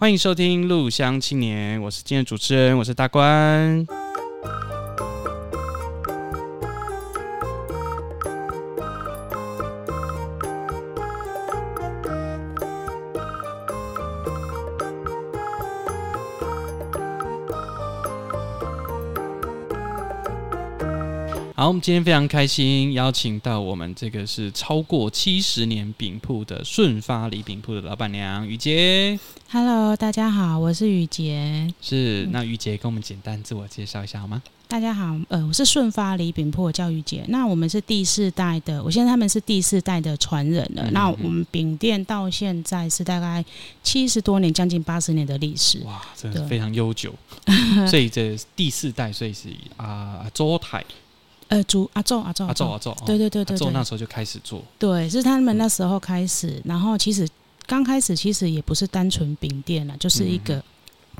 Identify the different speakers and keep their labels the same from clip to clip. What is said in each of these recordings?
Speaker 1: 歡迎收聽《陸鄉青年》，我是今天的主持人，我是大官。我們今天非常開心，邀請到我們這個是超過七十年餅鋪的順發禮餅鋪的老闆娘雨杰。
Speaker 2: Hello，大家好，我是雨杰。
Speaker 1: 是,那雨杰跟我們簡單自我介紹一下好嗎、嗯？
Speaker 2: 大家好，呃，我是順發禮餅鋪，我叫雨杰。那我們是第四代的，我現在他們是第四代的傳人了、嗯。那我們餅店到現在是大概七十多年，將近八十年的歷史。哇，真的非
Speaker 1: 常悠久。 所以這是第四代，所以是啊，桌、呃、台
Speaker 2: 呃，啊、做阿、啊、做阿、啊、做阿、啊、做阿、啊、做。對對對對對，阿、啊、那時候
Speaker 1: 就開始做，
Speaker 2: 對，是他們那時候開始，嗯、然後其實剛開始其實也不是單純餅店了，就是一個、嗯、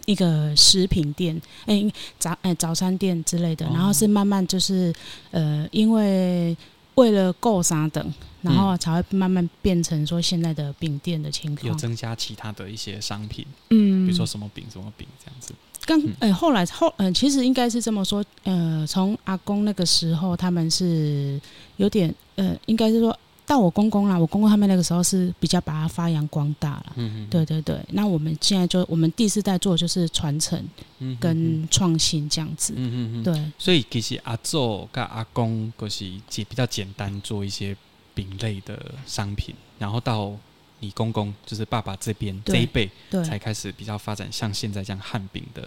Speaker 2: 一個食品店，誒、欸，早誒、欸，早餐店之類的，哦、然後是慢慢就是呃，因為為了夠啥等，然後才會慢慢變成說現在的餅店的情況、嗯，有
Speaker 1: 增加其他的一些商品，嗯，比如說什麼餅什麼餅這樣子。
Speaker 2: 剛哎、欸，後來後嗯、呃，其實應該是這麼說，呃，從阿公那個時候，他們是有點呃，應該是說到我公公啦，我公公他們那個時候是比較把它發揚光大了。嗯嗯。對對對，那我們現在就我們第四代做的就是傳承跟創新這樣子。嗯哼嗯嗯。對，
Speaker 1: 所以其實阿祖跟阿公都是簡比較簡單做一些餅類的商品，然後到。你公公就是爸爸這邊這一輩才開始比較發展，像現在這樣漢餅的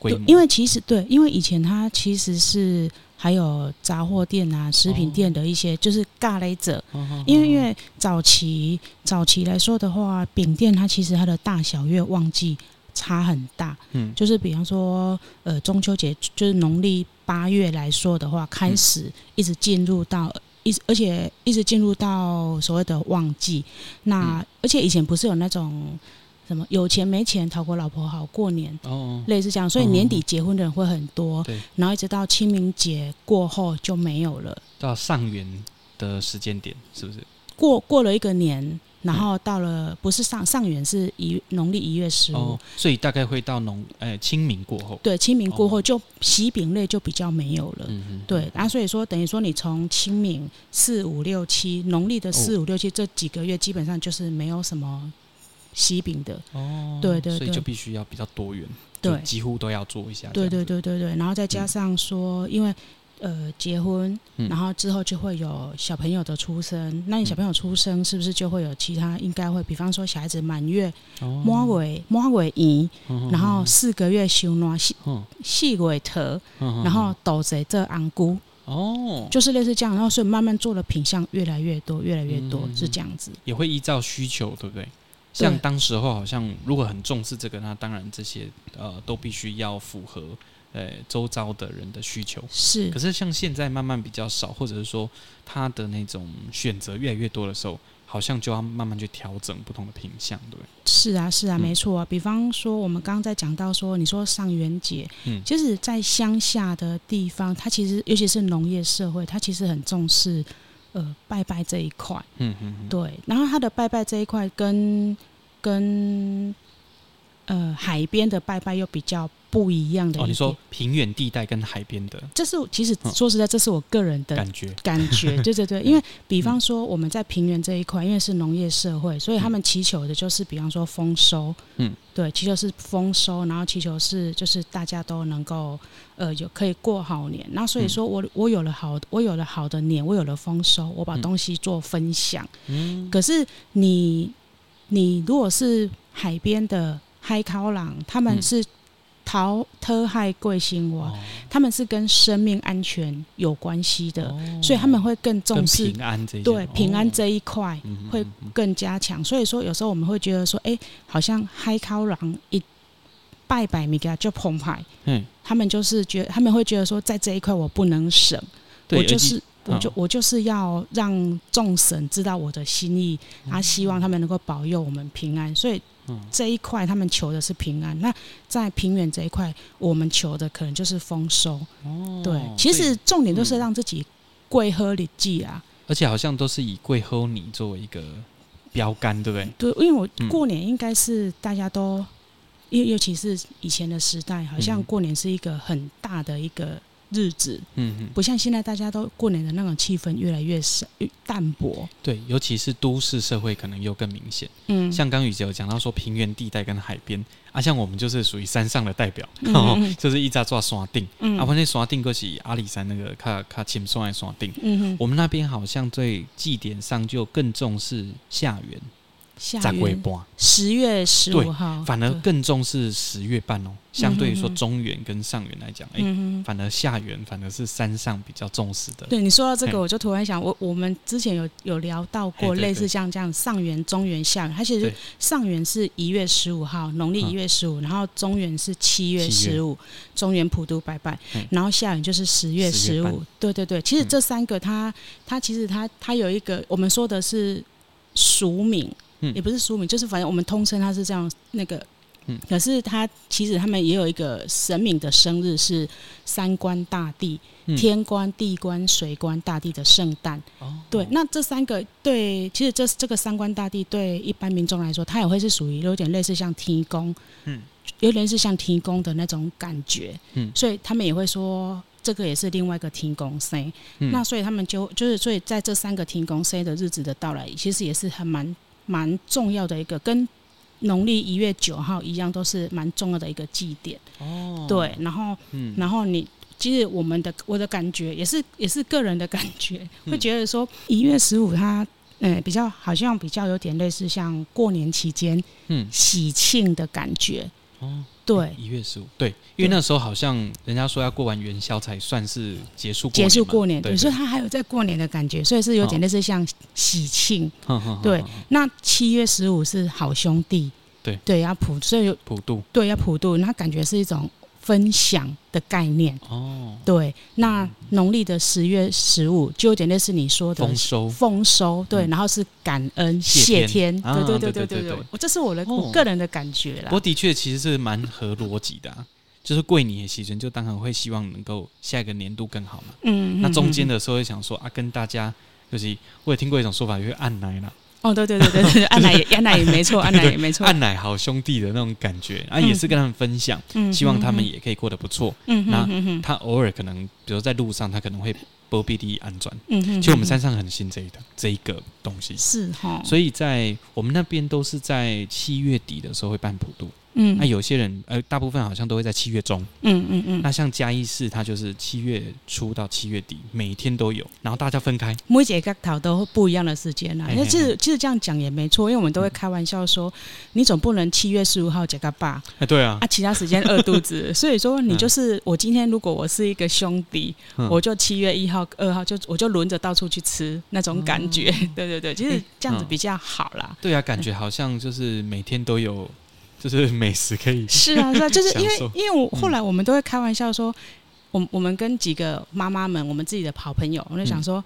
Speaker 1: 規模。因為
Speaker 2: 其實對，因為以前它其實是還有雜貨店啊、食品店的一些、哦、就是咖喱者、哦。因為因為早期、哦、早期來說的話，餅店它其實它的大小月旺季差很大。嗯，就是比方說呃，中秋節就是農曆八月來說的話，開始一直進入到。嗯一而且一直進入到所謂的旺季，那、嗯、而且以前不是有那種什麼有錢沒錢討個老婆好過年哦哦，類似這樣，所以年底結婚的人會很多，嗯、然後一直到清明節過後就沒有了，
Speaker 1: 到上元的時間點是不是？
Speaker 2: 過過了一個年。然後到了不是上上元是一農曆一月十五、
Speaker 1: 哦，所以大概會到農、哎、清明過後，對，清明過後
Speaker 2: 就喜、哦、餅類就比較沒有了，嗯、哼對，然後、啊、所以說等於說你從清明四五六七農曆的四五,五六七這幾個月基本上就是沒有什麼喜餅的，哦，對對，對對，所以就
Speaker 1: 必須要比較多元，對，幾乎都要做一下，對對
Speaker 2: 對對對，然後再加上說、嗯、因為。呃，結婚，然後之後就會有小朋友的出生。嗯、那你小朋友出生，是不是就會有其他？應該會，比方說小孩子滿月、哦、月，滿月，滿月宴，然後四個月收涎、嗯，四四個月頭，嗯嗯嗯、然後度晬做紅菇哦，就是類似這樣，然後所以慢慢做的品項越來越多，越來越多、嗯、是這樣子。
Speaker 1: 也會依照需求，對不對，對？像當時候好像如果很重視這個，那當然這些呃都必須要符合。呃，周遭的人的需求是，可是像現在慢慢比較少，或者是說他的那種選擇越來越多的時候，好像就要慢慢去調整不同的品相，對。
Speaker 2: 是啊，是啊，嗯、沒錯啊。比方說，我們剛剛在講到說，你說上元節，嗯，就是在鄉下的地方，他其實尤其是農業社會，他其實很重視，呃，拜拜這一塊，嗯嗯，對。然後他的拜拜這一塊跟跟。跟呃，海邊的拜拜又比較不一樣的一。哦。你說
Speaker 1: 平原地帶跟海邊的，這
Speaker 2: 是其實說實在，這是我個人的感覺。嗯、感覺 對對對，因為比方說我們在平原這一塊、嗯，因為是農業社會，所以他們祈求的就是，比方說豐收。嗯，對，祈求是豐收，然後祈求是就是大家都能夠呃有可以過好年。那所以說我，我、嗯、我有了好，我有了好的年，我有了豐收，我把東西做分享。嗯，可是你你如果是海邊的。海口郎他們是逃偷害貴心我，嗯哦，他們是跟生命安全有關係的、哦，所以他們會更重視更平安這一塊，對，平安這一塊會更加強、哦嗯嗯。所以說有時候我們會覺得說，哎、欸，好像海口郎一拜拜米加就澎湃，嗯，他們就是覺，他們會覺得說，在這一塊我不能省，我就是、哦、我就我就是要讓眾神知道我的心意，啊、嗯，希望他們能夠保佑我們平安，所以。嗯，這一塊他們求的是平安，那在平原這一塊，我們求的可能就是豐收。哦，對，其實重點都是讓自己貴喝禮記啊，嗯，
Speaker 1: 而且好像都是以貴喝你作為一個標桿，對不對？對，因為我過
Speaker 2: 年應該是大家都，尤尤其是以前的時代，好像過年是一個很大的一個日子，
Speaker 1: 嗯，不
Speaker 2: 像現在大家都過年的那種氣氛越來越淡薄。
Speaker 1: 對，尤其是都市社會，可能又更明顯。嗯，像剛雨姐有講到說平原地帶跟海邊，啊，像我們就是屬於山上的代表，嗯哦，就是一直在抓山定。嗯，啊，我們那山定過去阿里山那個卡卡欽山來山定。嗯哼，我們那邊好像對祭典上就更重視下元。在尾半
Speaker 2: 十月十五號，反而更
Speaker 1: 重視十月半哦、喔。相對於說中元跟上元來講，哎、嗯欸，反而下元反而是山上比較重視的。對你說到這個，我
Speaker 2: 就突然想，我我們之前有有聊到過類似像這樣對對對上元、中元、下元。它其實上元是一月十五號，農曆一月十五、嗯，然後中元是月 15, 七月十五，中元普渡拜拜，然後下元就是月 15, 十月十五。對對對，其實這三個它，它、嗯、它其實它它有一個，我們說的是俗名。嗯、也不是書名，就是反正我們通稱它是這樣那個，嗯，可是他其實他們也有一個神明的生日是三官大帝、嗯，天官、地官、水官、大帝的聖誕，哦，對，那這三個對，其實這這個三官大帝對一般民眾來說，他也會是屬於有點類似像天公，嗯，有點是像天公的那種感覺，嗯，所以他們也會說這個也是另外一個天公生、嗯，那所以他們就就是所以在這三個天公生的日子的到來，其實也是很蠻。蠻重要的一個，跟農曆一月九號一樣，都是蠻重要的一個祭典。哦、oh，對，然後，嗯、然後你其實我們的我的感覺也是也是個人的感覺，嗯、會覺得說一月十五它，嗯、呃，比較好像比較有點類似像過年期間，嗯，喜慶的感覺。嗯、哦。對，嗯、一
Speaker 1: 月十五，對，因為那時候好像人家說要過完元宵才算是結束過，結束過年對對對，所
Speaker 2: 以他還有在過年的感覺，所以是有點類似像喜慶，嗯嗯，對。那七月十五是好兄弟，對、嗯、對，要普，所以有普渡，對要普渡，那感覺是一種。分享的概念哦，對，那農曆的十月十五，就有點類似你說的豐收，豐收對、嗯，然後是感恩謝天，謝，天啊啊啊謝天，對對對對對我這是我的、哦、我個人的感覺啦。我、
Speaker 1: 哦、的確其實是蠻合邏輯的、啊，就是貴年犧牲，就當然會希望能夠下一個年度更好嘛。嗯，嗯，嗯，嗯，那中間的時候會想說啊，跟大家就是，我也聽過一種說法，就是按來了。哦，對對對對，安、 就是、奶也安奶也沒錯，安奶也沒錯，安奶好兄弟的那種感覺、嗯、啊，也是跟他們分享、嗯哼哼，希望他們也可以過得不錯。那、嗯、他偶爾可能，比如說在路上，他可能會保庇地安裝，嗯哼哼哼，其實我們山上很信這一套這一個東西，是哈。所以在我們那邊都是在七月底的時候會辦普渡。嗯，嗯，那有些人，呃，大部分好像都會在七月中。嗯嗯嗯。那像嘉義市，它就是七月初到七月底，每天都有，然後大家分開。
Speaker 2: 每一個角頭都不一樣的時間啦。那、嗯、其實、嗯、其實這樣講也沒錯，因為我們都會開玩笑說，嗯、你總不能七月十五號吃到飽。
Speaker 1: 哎、嗯，對啊。啊，其他時間餓肚子。
Speaker 2: 所以說，你就是我今天如果我是一個兄弟，嗯、我就七月一號、二號就我就輪着到處去吃那種感覺、嗯。對對對，其實這樣子比較好啦。嗯
Speaker 1: 嗯、對啊，感覺好像就是每天都有。就是美食可
Speaker 2: 以是啊，是啊，就是因為、嗯、因為我後來我們都會開玩笑說，我們我們跟幾個媽媽們，我們自己的好朋友，我就想說，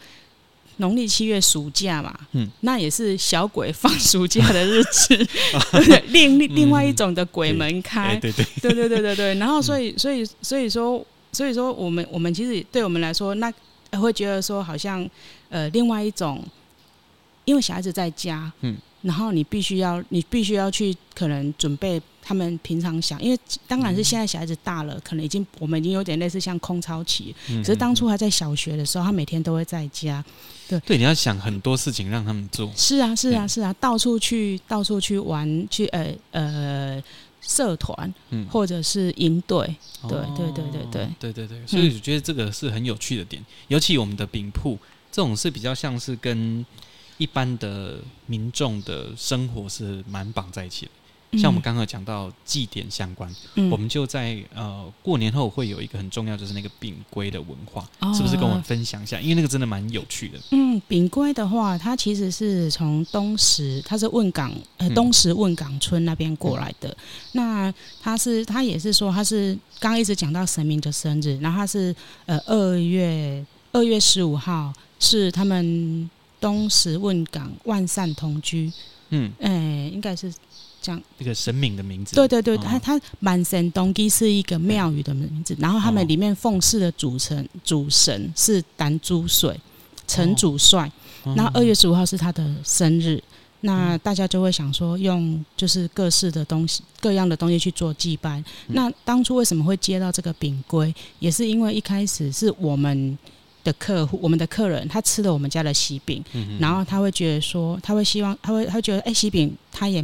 Speaker 2: 農曆、嗯、七月暑假嘛，嗯，那也是小鬼放暑假的日子， 是是，另、嗯、另外一種的鬼門開，欸、對對對，對對對對對，然後所以、嗯、所以所以說所以說我們我們其實對我們來說，那會覺得說好像呃，另外一種，因為小孩子在家，嗯。然後你必須要，你必須要去，可能準備他們平常想，因為當然是現在小孩子大了，可能已經我們已經有點類似像空巢期。可、嗯、是當初還在小學的時候，他每天都會在家。
Speaker 1: 對對，你要想很多事情讓他們做。是
Speaker 2: 啊，是啊，嗯、是啊，到處去，到處去玩，去呃呃社團、嗯，或者是營隊，對、哦、對對對對對對對對，所
Speaker 1: 以我覺得這個是很有趣的點，嗯、尤其我們的餅鋪這種是比較像是跟。一般的民眾的生活是蠻綁在一起的，像我們剛剛講到祭典相關，嗯、我們就在呃過年後會有一個很重要，就是那個餅龜的文化，
Speaker 2: 哦，是不是跟我們
Speaker 1: 分享一下？因為那個真的蠻有趣的。嗯，
Speaker 2: 餅龜的話，它其實是從東石，它是塭港呃東石塭港村那邊過來的，嗯。那它是，它也是說，它是剛剛一直講到神明的生日，然後它是呃二月二月十五號是他們。東石問港萬善同居，嗯，哎、欸，應該是這樣
Speaker 1: 一個神明的名字。對對對，他他
Speaker 2: 滿神東基是一個廟宇的名字。然後他們裡面奉祀的主神、哦、主神是丹珠水
Speaker 1: 陳主帥。然後二
Speaker 2: 月十五號是他的生日、哦，那大家就會想說，用就是各式的東西、各樣的東西去做祭拜。嗯、那當初為什麼會接到這個餅龜，也是因為一開始是我們。的客戶，我們的客人，他吃了我們家的喜餅、嗯，然後他會覺得說，他會希望，他會他會覺得，哎、欸，喜餅他也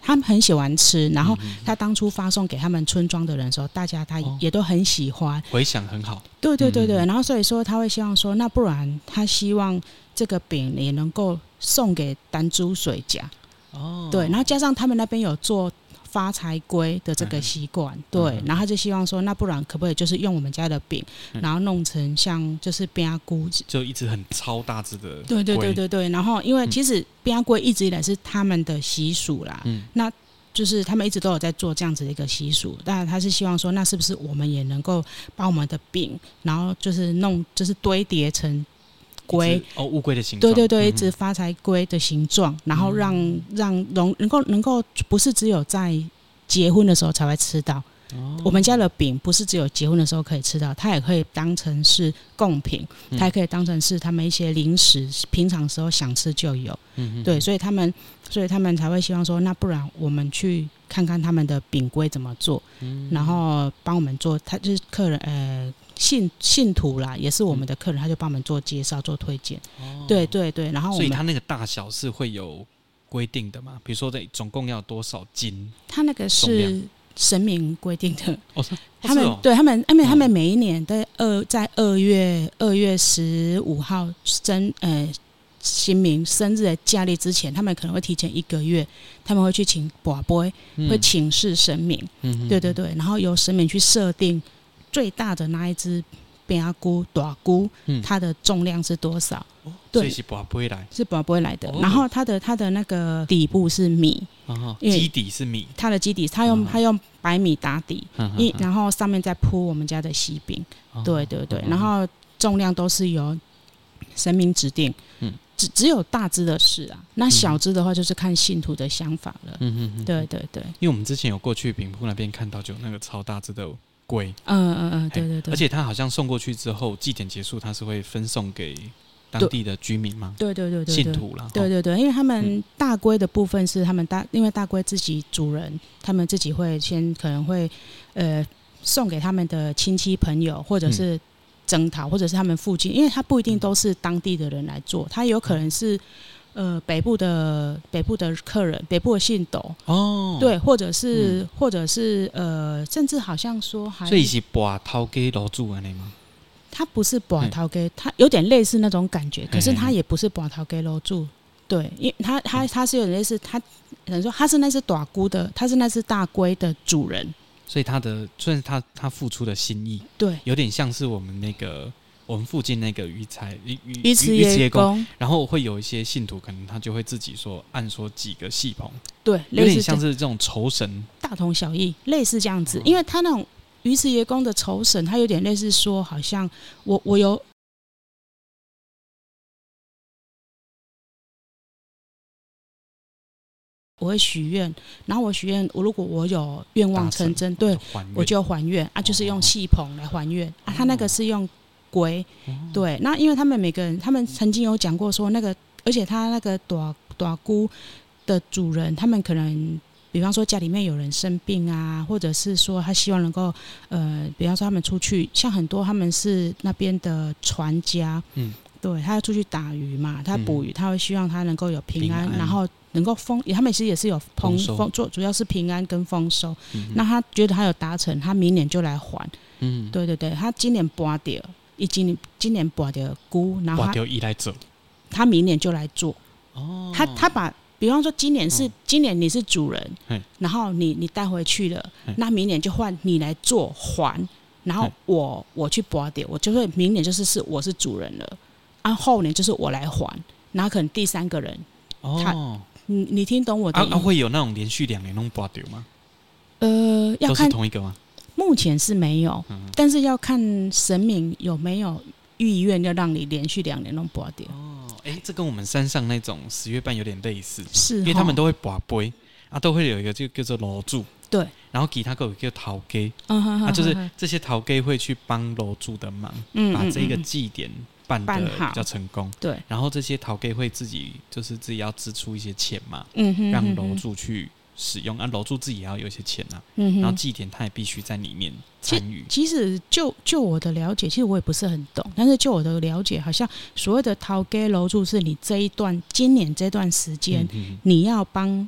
Speaker 2: 他們很喜歡吃，然後他當初發送給他們村莊的人的時候，大家他也都很喜歡，
Speaker 1: 回響很好，
Speaker 2: 對對對對，然後所以說他會希望說，嗯，那不然他希望這個餅也能夠送給丹珠水家，哦，對，然後加上他們那邊有做。發財龜的這個習慣、嗯，對，然後他就希望說，那不然可不可以就是用我們家的餅、嗯，然後弄成像就是邊龜，
Speaker 1: 就一隻很超大隻的，對對對對對。
Speaker 2: 然後因為其實邊龜一直以來是他們的習俗啦、嗯，那就是他們一直都有在做這樣子一個習俗。但他是希望說，那是不是我們也能夠把我們的餅，然後就是弄，就是堆疊成。龜
Speaker 1: 哦，烏龜的形對對對，一隻
Speaker 2: 發財龜的形狀、嗯，然後讓讓容能能夠能夠不是只有在結婚的時候才會吃到。哦、我們家的餅不是只有結婚的時候可以吃到，它也可以當成是貢品，它也可以當成是他們一些零食，平常時候想吃就有。嗯，對，所以他們所以他們才會希望說，那不然我們去看看他們的餅龜怎麼做，嗯、然後幫我們做。他就是客人呃。信信徒啦，也是我們的客人，嗯、他就幫我們做介紹、做推薦、哦。對對對，然後所以他
Speaker 1: 那個大小是會有規定的嘛？比如說，這總共要多少斤？
Speaker 2: 他那個是神明規定的。哦哦哦、他們對他們，他們，他們每一年的2、哦、在二在二月二月十五號生呃，神明生日的假日之前，他們可能會提前一個月，他們會去請拔杯、嗯，會請示神明嗯。嗯，對對對，然後由神明去設定。最大的那一只邊阿姑短姑，它的重量是多少？哦、對，所以是博杯來是博杯來的、哦。然後它的它的那個底部是米，哦，基底是米、哦。它的基底，它用、哦、它用白米打底，哦、一然後上面再鋪我們家的西餅、哦。對對對、哦。然後重量都是由神明指定，嗯、哦，只只有大只的是啊，那小只的話就是看信徒的想法了。嗯嗯嗯。對對對。因
Speaker 1: 為我們之前有過去的餅舖那邊看到，就有那個超大只的。龜、嗯，嗯嗯嗯，對對對，而且他好像送過去之後，祭典結束，他是會分送給當地的居民嗎？對對對，對對，信徒了，對，對對
Speaker 2: 對，因為他們大龜的部分是他們大，因為大龜自己主人，他們自己會先可能會，呃，送給他們的親戚朋友，或者是征討，或者是他們附近，因為他不一定都是當地的人來做，他有可能是。呃，北部的北部的客人，北部的姓董
Speaker 1: 哦，對，或
Speaker 2: 者是、嗯、或者是呃，甚至好像說還，所以是
Speaker 1: 寡頭給爐主的嗎？
Speaker 2: 他不是寡頭給，他有點類似那種感覺，可是他也不是寡頭給爐主嘿嘿，對，因為他他他是有點類似，他等於說他是那只大龜的，他是那只大龜的主人，
Speaker 1: 所以他的算是他他付出的心意，對，有點像是我們那個。我們附近那個魚財魚魚魚，魚，魚池爺公，公，然後會有一些信徒，可能他就會自己說，按說幾個戲棚，對，有點像是這種酬神，
Speaker 2: 大同小異，類似這樣子、啊。因為他那種魚池爺公的酬神，他有點類似說，好像我我有，嗯、我會許願，然後我許願，我如果我有願望成真，對，還我就要還願啊，就是用戲棚來還願啊，他那個是用。嗯嗯龜、嗯，對，那因為他們每個人，他們曾經有講過說那個，而且他那個朵朵姑的主人，他們可能，比方說家裡面有人生病啊，或者是說他希望能夠，呃，比方說他們出去，像很多他們是那邊的船家，嗯，對，他要出去打魚嘛，他捕魚，他會希望他能夠有平安，嗯、平安，然後能夠豐，他們其實也是有豐豐，做主要是平安跟豐收、嗯嗯，那他覺得他有達成，他明年就來還，嗯，對對對，他今年拔掉。已經今年拔掉菇，然後他一來做，他明年就來做。哦、他他把，比方說今年是，嗯、今年你是主人，然後你你帶回去了，那明年就換你來做還，然後我我去拔掉，我就會明年就是是我是主人了，按，啊，後年就是我來還，然後可能第三個人哦，他你你聽懂我的意思嗎？啊啊，會
Speaker 1: 有那種連續兩年弄拔掉嗎？
Speaker 2: 呃，要看同一個嗎？目前是沒有、嗯，但是要看神明有沒有意願要讓你連續兩年都拔掉
Speaker 1: 哦。哎、欸，這跟我們山上那種十月半有點類似，是，因為他們都會拔杯，啊，都會有一個就叫做爐主，對，然後其他各位叫頭家、嗯、啊，就是這些頭家會去幫爐主的忙，嗯、哼哼哼把這個祭典辦得比較成功、嗯哼哼，對。然後這些頭家會自己就是自己要支出一些錢嘛，嗯哼哼哼哼讓爐主去。使用啊，爐主自己也要有一些錢吶、啊嗯，然後祭典他也必須在裡面參與。其實，
Speaker 2: 其實就就我的了解，其實我也不是很懂。但是，就我的了解，好像所謂的掏給爐主，是你這一段今年這段時間、嗯，你要幫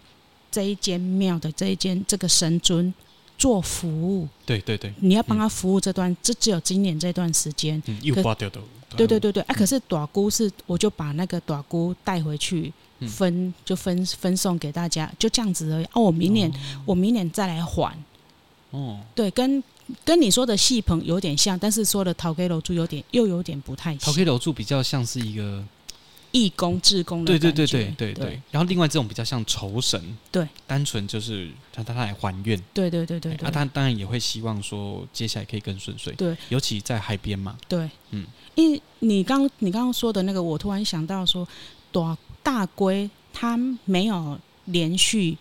Speaker 2: 這一間廟的這一間這個神尊做服務。
Speaker 1: 對對對，你要
Speaker 2: 幫他服務這段，這、嗯、只有今年這段時間、嗯。又掛掉的。對對對對，哎、嗯啊，可是朵姑是，我就把那個朵姑帶回去。分就分分送給大家，就這樣子而已。哦、啊，我明年、哦、我明年再來還。哦，對，跟跟你說的戲棚有點像，但是說的頭家爐主有點又有點不太像。頭家
Speaker 1: 爐主比較像是一個
Speaker 2: 義工、志工的。對對對對對對,對,對,
Speaker 1: 對。然後另外這種比較像酬神。對。單純就是讓他,他來還願。
Speaker 2: 對對對對,對,對。那、啊、他
Speaker 1: 當然也會希望說接下來可以更順遂。對。尤其在海邊嘛。對。嗯。
Speaker 2: 因為你剛你剛剛說的那個，我突然想到說多。大龜它沒有連續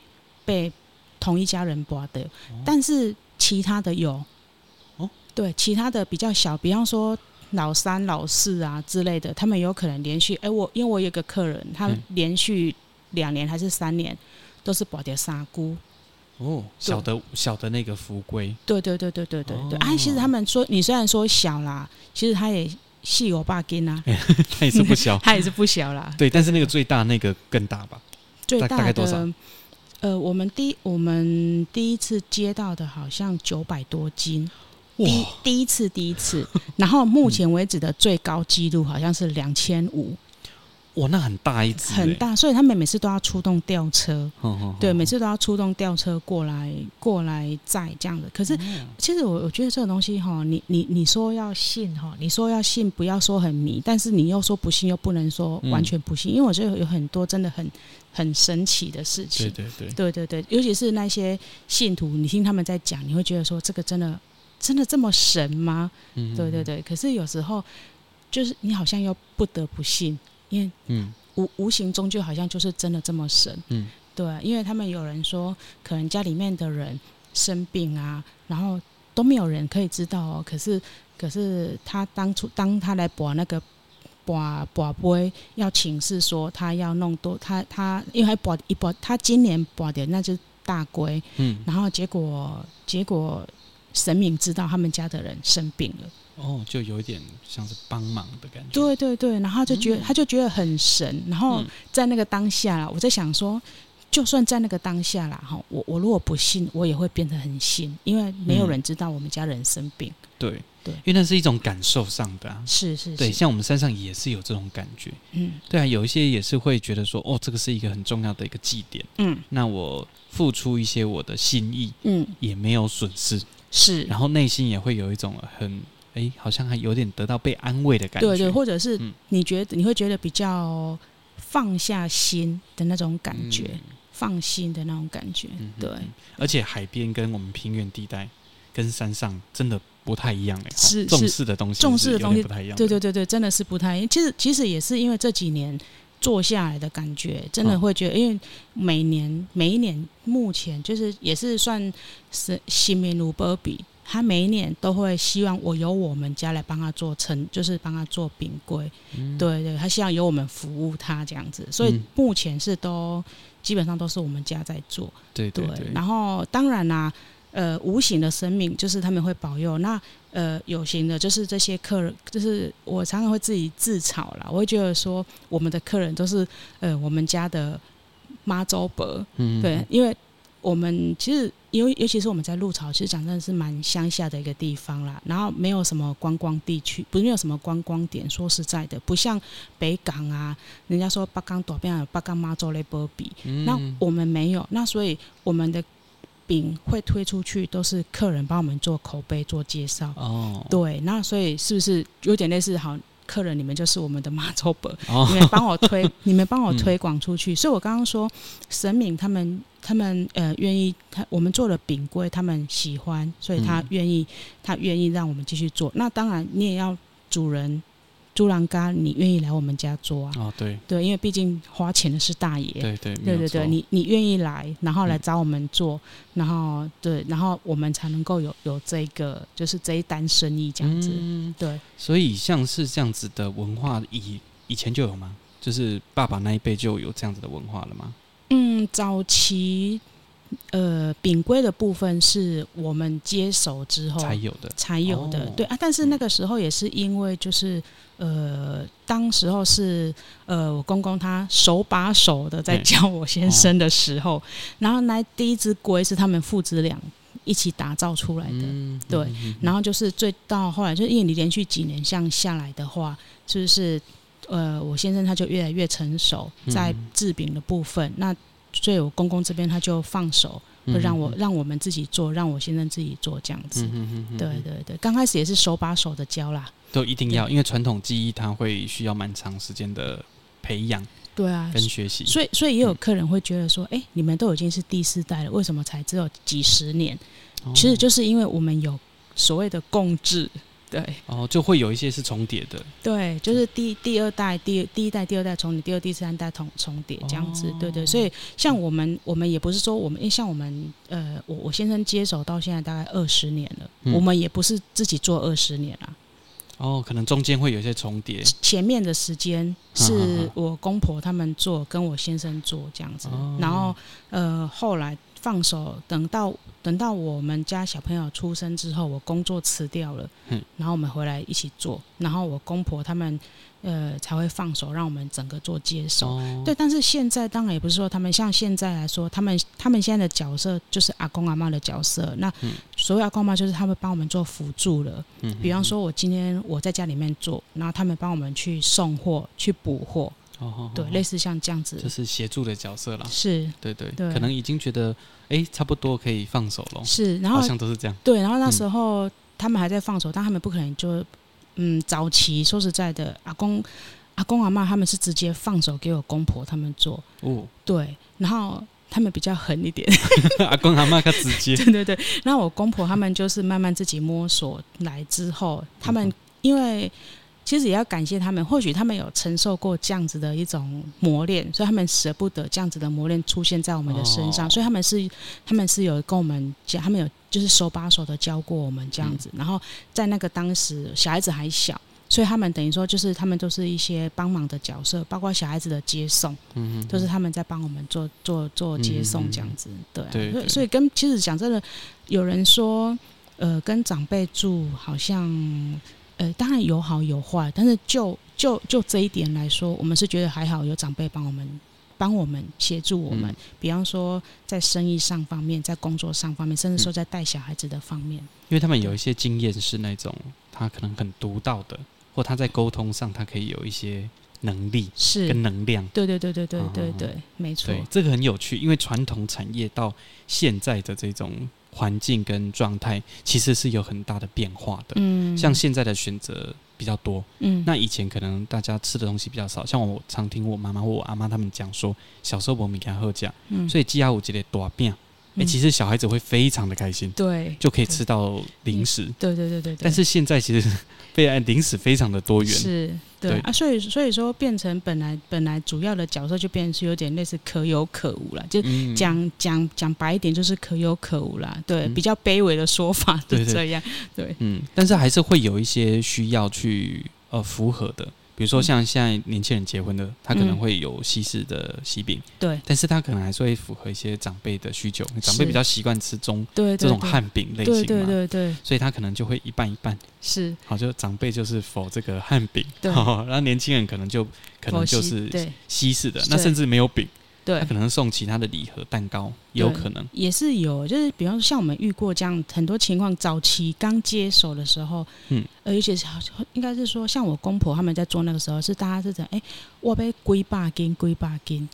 Speaker 2: 被同一家人拔的，哦，但是其他的有。哦，對，其他的比較小，比方說老三、老四啊之類的，他們有可能連續。哎、欸，我因為我有個客人，他連續兩年還是三年都是拔的沙姑
Speaker 1: 哦，小的小的那個福龜，
Speaker 2: 對對對對對對對，對，對、哦啊。其實他們說，你雖然說小啦，其實它也。是有八斤吶，
Speaker 1: 它也是不小， 它也是不小啦。 對，但是那個最大那個更大吧？
Speaker 2: 最大大概多少？呃，我們第我們第一次接到的好像九百多斤，第第一次第一次，然後目前為止的最高紀錄好像是兩千五。嗯嗯
Speaker 1: 哇，那很大一隻，欸，很大，
Speaker 2: 所以他們每次都要出動吊車，哦哦、對、哦，每次都要出動吊車過來、哦、過來載這樣子。可是，其實我我覺得這個東西哈，你你你說要信哈，你說要信，不要說很迷，但是你又說不信，又不能說完全不信，嗯，因為我覺得有很多真的很很神奇的事情，對對對，對對對，尤其是那些信徒，你聽他們在講，你會覺得說這個真的真的這麼神嗎？嗯嗯。對對對。可是有時候就是你好像又不得不信。因為嗯，無無形中就好像就是真的這麼神，嗯，對，因為他們有人說可能家裡面的人生病啊，然後都沒有人可以知道哦。可是可是他當初當他來博那個博博杯要請示說他要弄多他他因為還博一博他今年博的那隻大龜嗯，然後結果結果。神明知道他們家的人生病了，
Speaker 1: 哦，就有一點像是幫忙的
Speaker 2: 感覺，對對對，然後他就覺得、嗯、他就覺得很神，然後在那個當下啦，我在想說，就算在那個當下啦，哈，我我如果不信，我也會變得很信，因為沒有人知道我們家人生病，嗯、
Speaker 1: 對對，因為那是一種感受上的、啊，是，是是，對，像我們山上也是有這種感覺，嗯，對啊，有一些也是會覺得說，哦，這個是一個很重要的一個祭典。嗯，那我付出一些我的心意，嗯，也沒有損失。是，然後內心也會有一種很哎、欸，好像還有點得到被安慰的感覺。對對，或者是
Speaker 2: 你覺得、嗯、你會覺得比較放下心的那種感覺，嗯、放心的那種感覺。嗯、對，
Speaker 1: 而且海邊跟我們平原地帶跟山上真的不太一樣。哎，是重視的東西，重視的東西不太一樣。對對
Speaker 2: 對對，真的是不太一樣。其實其實也是因為這幾年。做下來的感覺，真的會覺得，因為每年每一年，目前就是也是算是新面如 baby，他每一年都會希望我由我們家來幫他做成，就是幫他做餅龜，嗯、對,對對，他希望由我們服務他這樣子，所以目前是都、嗯、基本上都是我們家在做，對對,對,對，然後當然啦、啊。呃，無形的生命就是他們會保佑。那呃，有形的，就是這些客人，就是我常常會自己自嘲啦，我會覺得說，我們的客人都是呃，我們家的媽祖婆。嗯。對，因為我們其實，因為尤其是我們在鹿草，其實講真的是蠻鄉下的一個地方啦。然後沒有什麼觀光地區，不是沒有什麼觀光點。說實在的，不像北港啊，人家說北港多半有北港媽祖咧保庇。嗯。那我們沒有，那所以我們的。餅會推出去，都是客人幫我們做口碑、做介紹。哦、oh.，對，那所以是不是有點類似？好，客人你們就是我們的媽祖本你們幫我推， 你們幫我推廣出去、嗯。所以我剛剛說，神明他們他們呃願意他，我們做的餅櫃，他們喜歡，所以他願意，嗯、他願意讓我們繼續做。那當然，你也要主人，豬欄嘎，你願意來我們家做啊？哦，對，對，因為畢竟花錢的是大爺，對對對對，你你願意來，然後來找我們做，嗯、然後對，然後我們才能夠有有這個，就是這一單生意這樣子，嗯、對。
Speaker 1: 所以像是這樣子的文化以，以以前就有嗎？就是爸爸那一輩就有這樣子的文化了嗎？
Speaker 2: 嗯，早期。呃，餅龜的部分是我們接手之後才有的，才有的，哦、對啊。但是那個時候也是因為，就是呃，當時候是呃，我公公他手把手的在教我先生的時候，哦、然後來第一只龜是他們父子倆一起打造出來的，嗯、對、嗯。然後就是最到後來，就是因為你連續幾年像下來的話，就是呃，我先生他就越來越成熟，在制餅的部分，嗯、那。所以，我公公這邊他就放手，嗯哼嗯哼會讓我讓我們自己做，讓我先生自己做這樣子。嗯哼嗯哼對對對，剛開始也是手把手的教啦。
Speaker 1: 都一定要，因為傳統技藝它會需要蠻長時間的培養。對啊，跟學習。所以，
Speaker 2: 所以也有客人會覺得說：“誒、嗯欸，你們都已經是第四代了，為什麼才只有幾十年？”
Speaker 1: 其實，
Speaker 2: 就是因為我們有所謂的共治。
Speaker 1: 對，哦，就會有一些是重疊的。
Speaker 2: 對，就是第第二代、第第一代、第二代重疊，第二第三代重重疊這樣子。哦、對，對對，所以像我們，我們也不是說我們，因為像我們，呃，我我先生接手到現在大概二十年了、嗯，我們也不是自己做二十年
Speaker 1: 了、啊、哦，可能中間會有一些重疊。
Speaker 2: 前面的時間是我公婆他們做，跟我先生做這樣子，哦、然後呃，後來。放手，等到等到我們家小朋友出生之後，我工作辭掉了，嗯，然後我們回來一起做，然後我公婆他們，呃，才會放手讓我們整個做接手、哦。對，但是現在當然也不是說他們像現在來說，他們他們現在的角色就是阿公阿嬤的角色。那、嗯、所謂阿公阿嬤，就是他們幫我們做輔助了。嗯哼哼，比方說我今天我在家裡面做，然後他們幫我們去送貨、去補貨。對，類似像這樣子，就
Speaker 1: 是協助的角色啦。是，對對對，對可能已經覺得哎、欸，差不多可以放手了。是，然後好像都是這樣。對，然後那時
Speaker 2: 候、嗯、他們還在放手，但他們不可能就嗯，早期說實在的，阿公阿公阿媽他們是直接放手給我公婆他們做。哦，對，然後他們比較狠一點，
Speaker 1: 阿公阿媽更直接。對
Speaker 2: 對對，那我公婆他們就是慢慢自己摸索來之後，他們、嗯、因為。其實也要感謝他們，或許他們有承受過這樣子的一種磨練，所以他們捨不得這樣子的磨練出現在我們的身上，哦、所以他們是他們是有跟我們講，他們有就是手把手的教過我們這樣子。嗯、然後在那個當時，小孩子還小，所以他們等於說就是他們都是一些幫忙的角色，包括小孩子的接送，嗯，都、嗯、是他們在幫我們做做做接送這樣子。嗯嗯對、啊，對對對，所以跟其實講真的，有人說，呃，跟長輩住好像。呃，當然有好有壞，但是就就就這一點來說，我們是覺得還好，有長輩幫我們幫我們協助我們，嗯，比方說在生意上方面，在工作上方面，甚至說在帶小孩子的方面，
Speaker 1: 嗯，因為他們有一些經驗是那種他可能很獨到的，或他在溝通上他可以有一些能力是跟能量，對對
Speaker 2: 對對對，啊，對對對對對，沒錯，
Speaker 1: 這個很有趣，因為傳統產業到現在的這種。環境跟狀態其實是有很大的變化的，嗯、像現在的選擇比較多、嗯，那以前可能大家吃的東西比較少，嗯、像我常聽我媽媽或我阿媽他們講說，小時候我們給他喝這樣，所以家我覺得大變。哎、欸，其實小孩子會非常的開心，對、嗯，就可以吃到零食，對對，對對對對。但是現在其實被零食非常的多元，是，對，
Speaker 2: 對啊，所以所以說變成本來本來主要的角色就變成是有點類似可有可無了，就講講講白一點就是可有可無啦，對，嗯、比較卑微的說法對。這樣對對對，對，嗯，但是
Speaker 1: 還是會有一些需要去呃符合的。比如說像現在年輕人結婚的，他可能會有西式的喜餅，對、嗯，但是他可能還是會符合一些長輩的需求，長輩比較習慣吃中對對對這種漢餅類型嘛，對，對對對，所以他可能就會一半一半，是，好，就長輩就是否這個漢餅，好、哦，然後年輕人可能就可能就是西式的，那甚至沒有餅。對，他可能送其他的禮盒、蛋糕，有可能
Speaker 2: 也是有，就是比方說像我們遇過這樣很多情況，早期剛接手的時候，嗯，而且好像應該是說，像我公婆他們在做那個時候，是大家是怎哎、欸，我被幾百斤、幾百斤，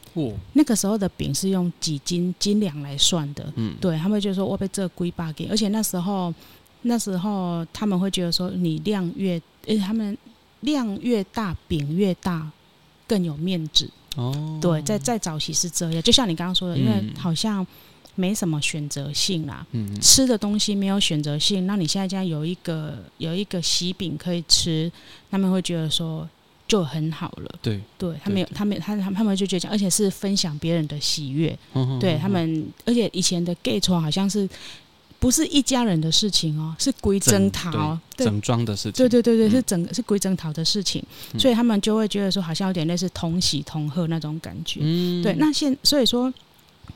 Speaker 2: 那個時候的餅是用幾斤斤兩來算的，嗯，對他們就說我被這幾百斤，而且那時候那時候他們會覺得說你量越，欸、他們量越大餅越大更有面子。哦、oh，對，在在早期是這樣，就像你剛剛說的，因、嗯、為好像沒什麼選擇性啦、嗯，吃的東西沒有選擇性，那你現在這樣有一個有一個喜餅可以吃，他們會覺得說就很好了。對，對他們有，他們對對對他們他他，他們就覺得，而且是分享別人的喜悅。嗯、哼哼哼對他們，而且以前的 gay 潮好像是。不是一家人的事情哦、喔，是歸整討整裝
Speaker 1: 的事情。對對對對，嗯、是
Speaker 2: 整是歸整討的事情，所以他們就會覺得說，好像有點類似同喜同賀那種感覺。嗯，對。那現所以說，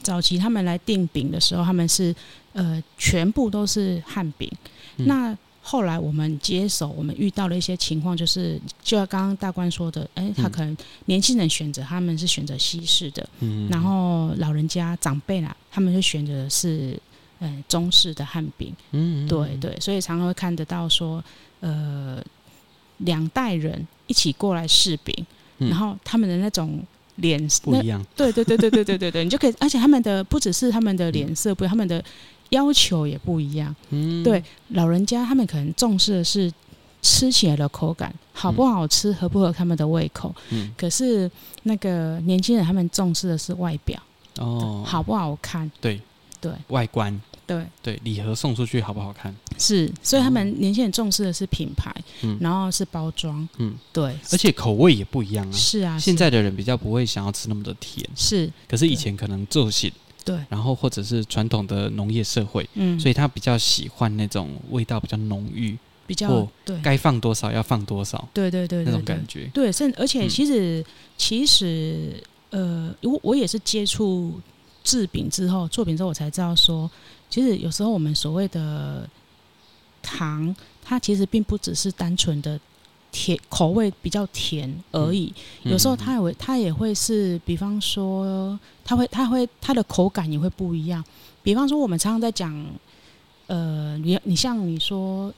Speaker 2: 早期他們來訂餅的時候，他們是呃全部都是漢餅、嗯。那後來我們接手，我們遇到了一些情況、就是，就是就像剛剛大官說的，哎、欸，他可能年輕人選擇他們是選擇西式的，嗯，然後老人家長輩啦，他們就選擇的是。嗯，中式的漢餅。嗯，嗯，嗯對，對對，所以常常會看得到說，呃，兩代人一起過來試餅，嗯、然後他們的那種臉色不一樣，對，對對對對對對對，你就可以， 而且他們的不只是他們的臉色不，嗯、他們的要求也不一樣，嗯，嗯，對，老人家他們可能重視的是吃起來的口感好不好吃，合不合他們的胃口，嗯，嗯，可是那個年輕人他們重視的是外表哦，好不好看，對對，
Speaker 1: 外觀。對對，禮盒送出去好不好看？
Speaker 2: 是，所以他們年輕人重視的是品牌，嗯，然後是包裝，嗯，對，而且
Speaker 1: 口味也不一樣啊。是啊，是啊，現在的人比較不會想要吃那麼多甜，是。可是以前可能肉餡，對，然後或者是傳統的農業社會，嗯，所以他比較喜歡那種味道比較濃郁，比較對，該放多少要放多少，對對對，對，那種感覺，對，對，對，對，對，甚而且其
Speaker 2: 實、嗯、其實，呃，我我也是接觸。製餅之後，做餅之後，我才知道說，其實有時候我們所謂的糖，它其實並不只是單純的甜，口味比較甜而已。嗯、有時候它會，它也會是，比方說，它會，它會，它的口感也會不一樣。比方說，我們常常在講，呃，你你像你說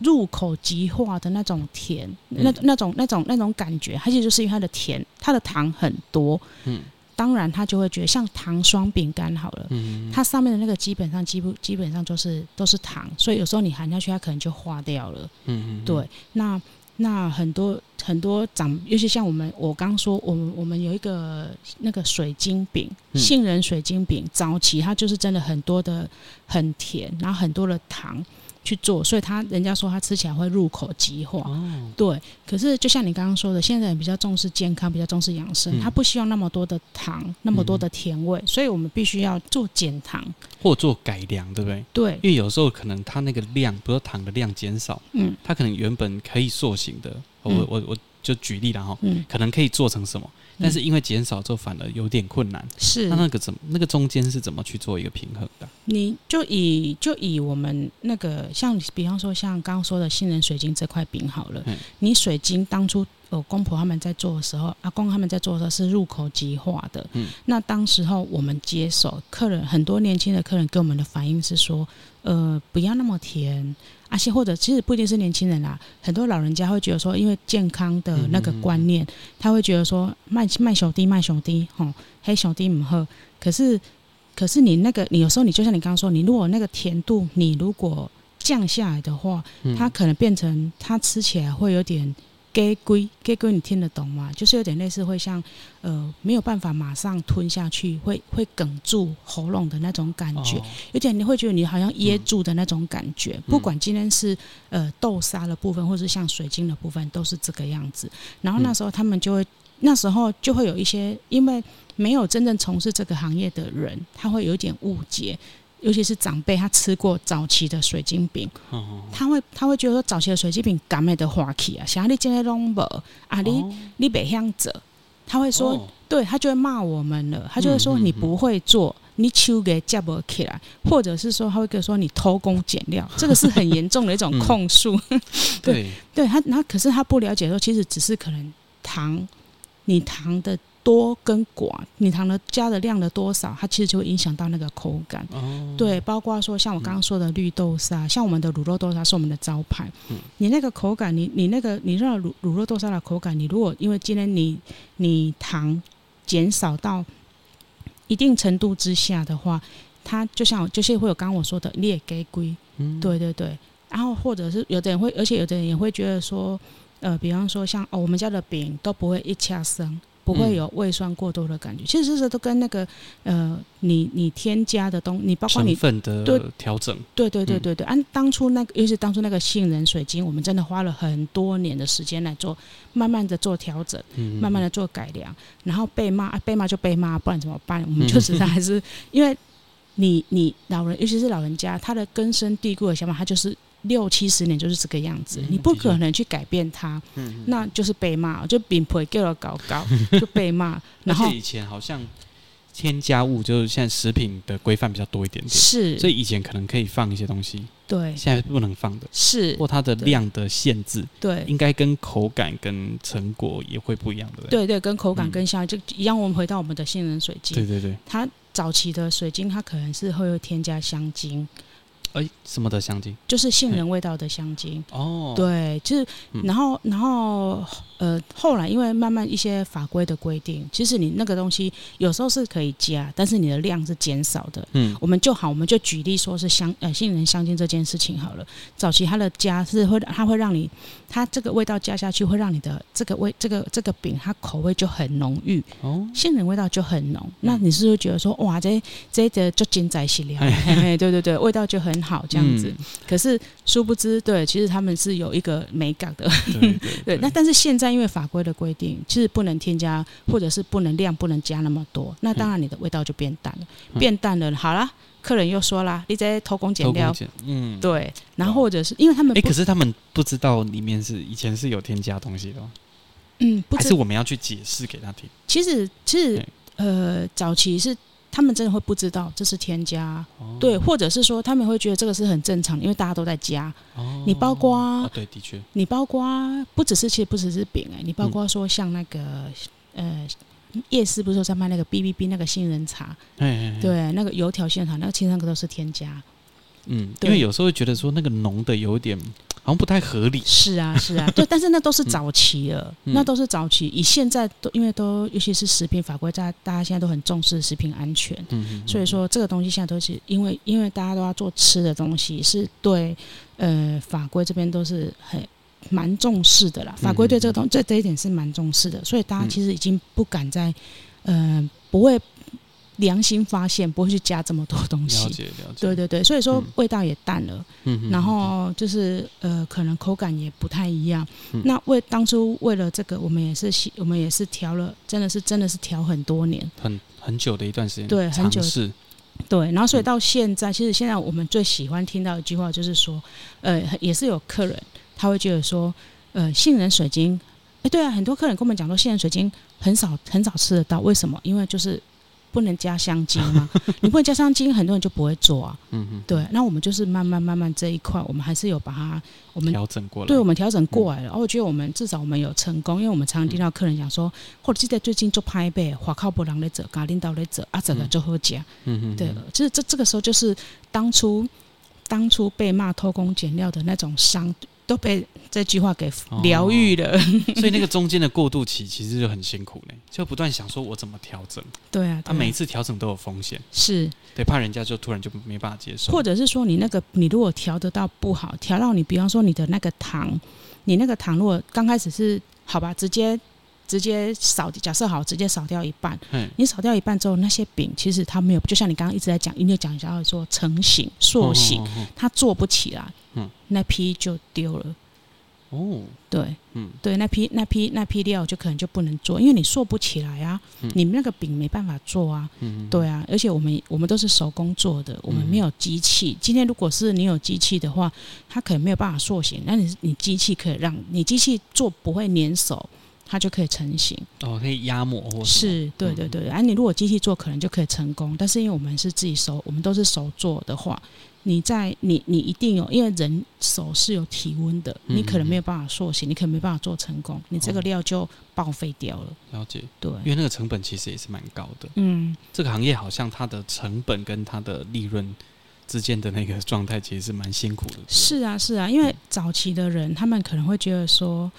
Speaker 2: 入口即化的那種甜，嗯、那那種那種那種,那種感覺，而且就是因為它的甜，它的糖很多，嗯。當然，它就會覺得像糖霜餅乾好了，嗯,嗯，它上面的那個基本上幾乎基本上都、就是都是糖，所以有時候你含下去，它可能就化掉了。嗯,嗯，嗯、對。那那很多很多長，尤其像我們，我剛說，我們我們有一個那個水晶餅，杏仁水晶餅，早期它就是真的很多的很甜，然後很多的糖。去做，所以他人家說他吃起來會入口即化，啊、對。可是就像你剛剛說的，現在人比較重視健康，比較重視養生，嗯，他不需要那麼多的糖，那麼多的甜味，嗯，所以我們必須要做減糖
Speaker 1: 或做改良，對不對？對，因為有時候可能它那個量，不是糖的量減少，嗯，它可能原本可以塑形的，我，嗯，我我就舉例了哈，嗯，可能可以做成什麼。但是因為減少就反而有點困難。是、嗯，那那個怎麼那個中間是怎麼去做一個平衡的？
Speaker 2: 你就以就以我們那個像，比方說像剛剛說的杏仁水晶這塊餅好了，嗯、你水晶當初我、呃、公婆他們在做的時候，阿公他們在做的時候是入口即化的。嗯，那當時候我們接手客人很多年輕的客人給我們的反應是說，呃，不要那麼甜。而且或者其實不一定是年輕人啦，很多老人家會覺得說，因為健康的那個觀念，嗯嗯嗯嗯，他會覺得說，賣賣小丁賣小丁，吼，黑小丁唔好。可是，可是你那個，你有時候你就像你剛剛說，你如果那個甜度你如果降下來的話，它可能變成它吃起來會有點。ge gui ge gui 你聽得懂嗎？就是有點類似會像，呃，沒有辦法馬上吞下去，會會哽住喉嚨的那種感覺，哦、有點你會覺得你好像噎住的那種感覺。嗯、不管今天是呃豆沙的部分，或是像水晶的部分，都是這個樣子。然後那時候他們就會，嗯、那時候就會有一些，因為沒有真正從事這個行業的人，他會有點誤解。尤其是長輩，他吃過早期的水晶餅，哦，他會他會覺得說早期的水晶餅嘛的滑起啊，想你今日攏無，啊你，里、哦，你別想做。他會說，哦、對他就會罵我們了，他就會說你不會做，嗯嗯嗯、你手給夾不起來，或者是說他會給說你偷工減料，這個是很嚴重的一種控訴、 嗯。 對，對他那可是他不了解說，其實只是可能糖，你糖的。多跟寡，你糖的加的量的多少，它其實就會影響到那個口感。哦、oh.。對，包括說像我剛剛說的綠豆沙，嗯、像我們的滷肉豆沙是我們的招牌。嗯、你那個口感，你你那個你讓滷滷肉豆沙的口感，你如果因為今天你你糖減少到一定程度之下的話，它就像就是會有剛剛我說的裂開龜。對對對。然後或者是有的人會，而且有的人也會覺得說，呃，比方說像哦，我們家的餅都不會一掐生。不會有胃酸過多的感覺，嗯、其實這都跟那個，呃，你你添加的東，你包括你成分的調
Speaker 1: 整，對對，對對對
Speaker 2: 對。按、嗯啊、當初那個，尤其是當初那個杏仁水晶，我們真的花了很多年的時間來做，慢慢的做調整，慢慢的做改良，嗯、然後被罵、啊、被罵就被罵，不然怎麼辦？我們就實在還是、嗯，因為你你老人，尤其是老人家，他的根深蒂固的想法，他就是。六七十年就是這個樣子，嗯、你不可能去改變它，嗯、那就是被罵，就比不給搞搞就被罵。然後以前好像
Speaker 1: 添加物就是現在食品的規範比較多一點點，是，所以以前可能可以放一些東西，對，現在是不能放的是，或它的量的限制，對，應該跟口感跟成果也會不一樣的，對對，對，對
Speaker 2: 對，跟口感跟香、嗯、就一樣。我們回到我們的杏仁水晶，對對對，它早期的水晶它可能是會，會添加香精。
Speaker 1: 哎、欸，什麼的香精？就是杏仁味
Speaker 2: 道的香精哦。Oh. 對，就是，然後，嗯、然後。呃，後來因為慢慢一些法規的規定，其實你那個東西有時候是可以加，但是你的量是減少的。嗯，我們就好，我們就舉例說是香呃杏仁香精這件事情好了。早期它的加是會它會讓你它這個味道加下去，會讓你的這個味這個這個餅、這個、它口味就很濃郁哦，杏仁味道就很濃、嗯。那你是不是覺得說哇，這這個就真材實料？對對對，味道就很好這樣子、嗯。可是殊不知，對，其實他們是有一個美感的。對，對，對， 對，那但是現在。因為法規的規定，其實不能添加，或者是不能量，不能加那麼多。那當然，你的味道就變淡了，嗯、變淡了。好了，客人又說啦，你在偷工減料。偷工減。嗯，對。然後或者是、哦、因為他們、欸、可是他
Speaker 1: 們不知道裡面是以前是有添加東西的。嗯，
Speaker 2: 還是我
Speaker 1: 們要去解釋給他聽。
Speaker 2: 其實，其實呃，早期是。他們真的會不知道這是添加、哦，對，或者是說他們會覺得這個是很正常，因為大家都在加。哦、你包括，哦、對，的確，你包括不只是其實不只是餅哎、欸，你包括說像那個、嗯、呃，夜市不是說在賣那個 B B B 那個杏仁茶，嘿嘿嘿對，那個油條杏仁茶那個基本上都是添加。嗯，
Speaker 1: 對，因為有時候會覺得說那個濃的有點，好像不太合理。是啊，是啊， 對，但
Speaker 2: 是那都是早期了，嗯，那都是早期。以現在都，因為都，尤其是食品法規，大大家現在都很重視食品安全。嗯，所以說，這個東西現在都是因為，因為大家都要做吃的東西，是對呃法規這邊都是很蠻重視的啦。法規對這個東這這一點是蠻重視的，所以大家其實已經不敢再嗯、呃、不會。良心發現，不會去加這麼多東西。了解，了解。對，對，對。所以說味道也淡了，嗯、然後就是呃，可能口感也不太一樣。嗯、那為當初為了這個，我們也是，我們也是調了，真的是，真的是調很多年，
Speaker 1: 很很久的一段時間。對，很久的。是。
Speaker 2: 對，然後所以到現在、嗯，其實現在我們最喜歡聽到的一句話，就是說，呃，也是有客人他會覺得說，呃，杏仁水晶，哎、欸，對啊，很多客人跟我們講說，杏仁水晶很少很少吃得到，為什麼？因為就是。不能加香精嗎？ 你不能加香精，很多人就不會做啊。嗯嗯，對。那我們就是慢慢慢慢這一塊，我們還是有把它我們調整過來，對，我們調整過來了。而、嗯哦、我覺得我們至少我們有成功，因為我們常常聽到客人講說，或者是在最近在做拍背、華靠不浪的折、咖喱島的折啊，整個就喝講。嗯嗯，對。其實這這個時候就是當初當初被罵偷工減料的那種傷都被。這句話給療
Speaker 1: 癒了。哦，所以那個中間的過渡期其實就很辛苦呢。欸，就不斷想說我怎麼調整對，啊，對啊，他，啊，每一次調整都有風險，是，對，怕人家就突然就沒辦法接受，或者
Speaker 2: 是說你那個你如果調得到不好，調到你比方說你的那個糖，你那個糖如果剛開始是好吧，直接直接掃，假設好，直接掃掉一半，嗯，你掃掉一半之後，那些餅其實它沒有，就像你剛剛一直在講，你就講一下，說成型塑形，形，嗯嗯嗯，它做不起來，嗯，那批就丟了。哦，對，嗯，對，那批那批那批料就可能就不能做，因為你塑不起來啊、嗯，你那個餅沒辦法做啊，嗯、對啊，而且我們我們都是手工做的，我們沒有機器、嗯。今天如果是你有機器的話，它可能沒有辦法塑形，那你你機器可以讓你機器做不會粘手，它就可以成型。哦，可以壓模或是？是，對對對對。而、嗯啊、你如果機器做，可能就可以成功，但是因為我們是自己手，我們都是手做的話。你在你你一定有，因為人手是有體溫的，嗯嗯，你可能沒有辦法塑形，你可能沒辦法做成功，你這個料就報廢掉了、
Speaker 1: 哦。了解，對，因為那個成本其實也是蠻高的。嗯，這個行業好像它的成本跟它的利潤之間的那個狀態其實是蠻辛苦的、嗯。
Speaker 2: 是啊，是啊，因為早期的人、嗯、他們可能會覺得說，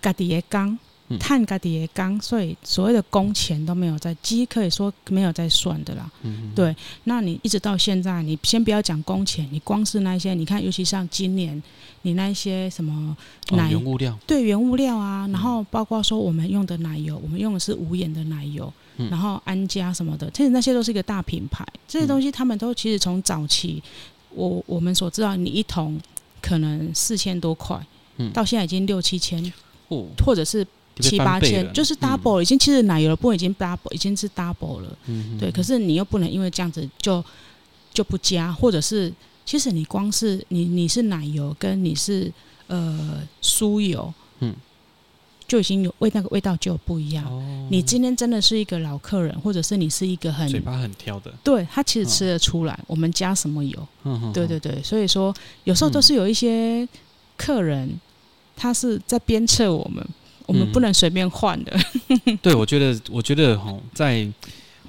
Speaker 2: 咖喱缸。碳加鐵鋼，所以所謂的工錢都沒有在，幾可以說沒有在算的啦。嗯哼哼，對。那你一直到現在，你先不要講工錢，你光是那一些，你看，尤其像今年，你那一些什麼奶、哦、對，原物料啊，然後包括說我們用的奶油，我們用的是無鹽的奶油、嗯，然後安佳什麼的，其實那些都是一個大品牌，這些東西他們都其實從早期，嗯、我我們所知道，你一桶可能四千多塊、嗯，到現在已經六七千，或者是。七八千就是 double，、嗯、已經其實奶油的部分已經 double，已經是 double 了、嗯。對，可是你又不能因為這樣子就就不加，或者是其實你光是你你是奶油跟你是呃酥油、嗯，就已經有味那個味道就不一樣、哦。你今天真的是一個老客人，或者是你是一個很嘴巴
Speaker 1: 很挑的，對他其實吃得
Speaker 2: 出來，哦、我們加什麼油、嗯哼哼？對對對，所以說有時候都是有一些客人，嗯、他是在鞭策我們。我們不能隨便換的、嗯、
Speaker 1: 的。 對，我覺得，我覺得，吼，在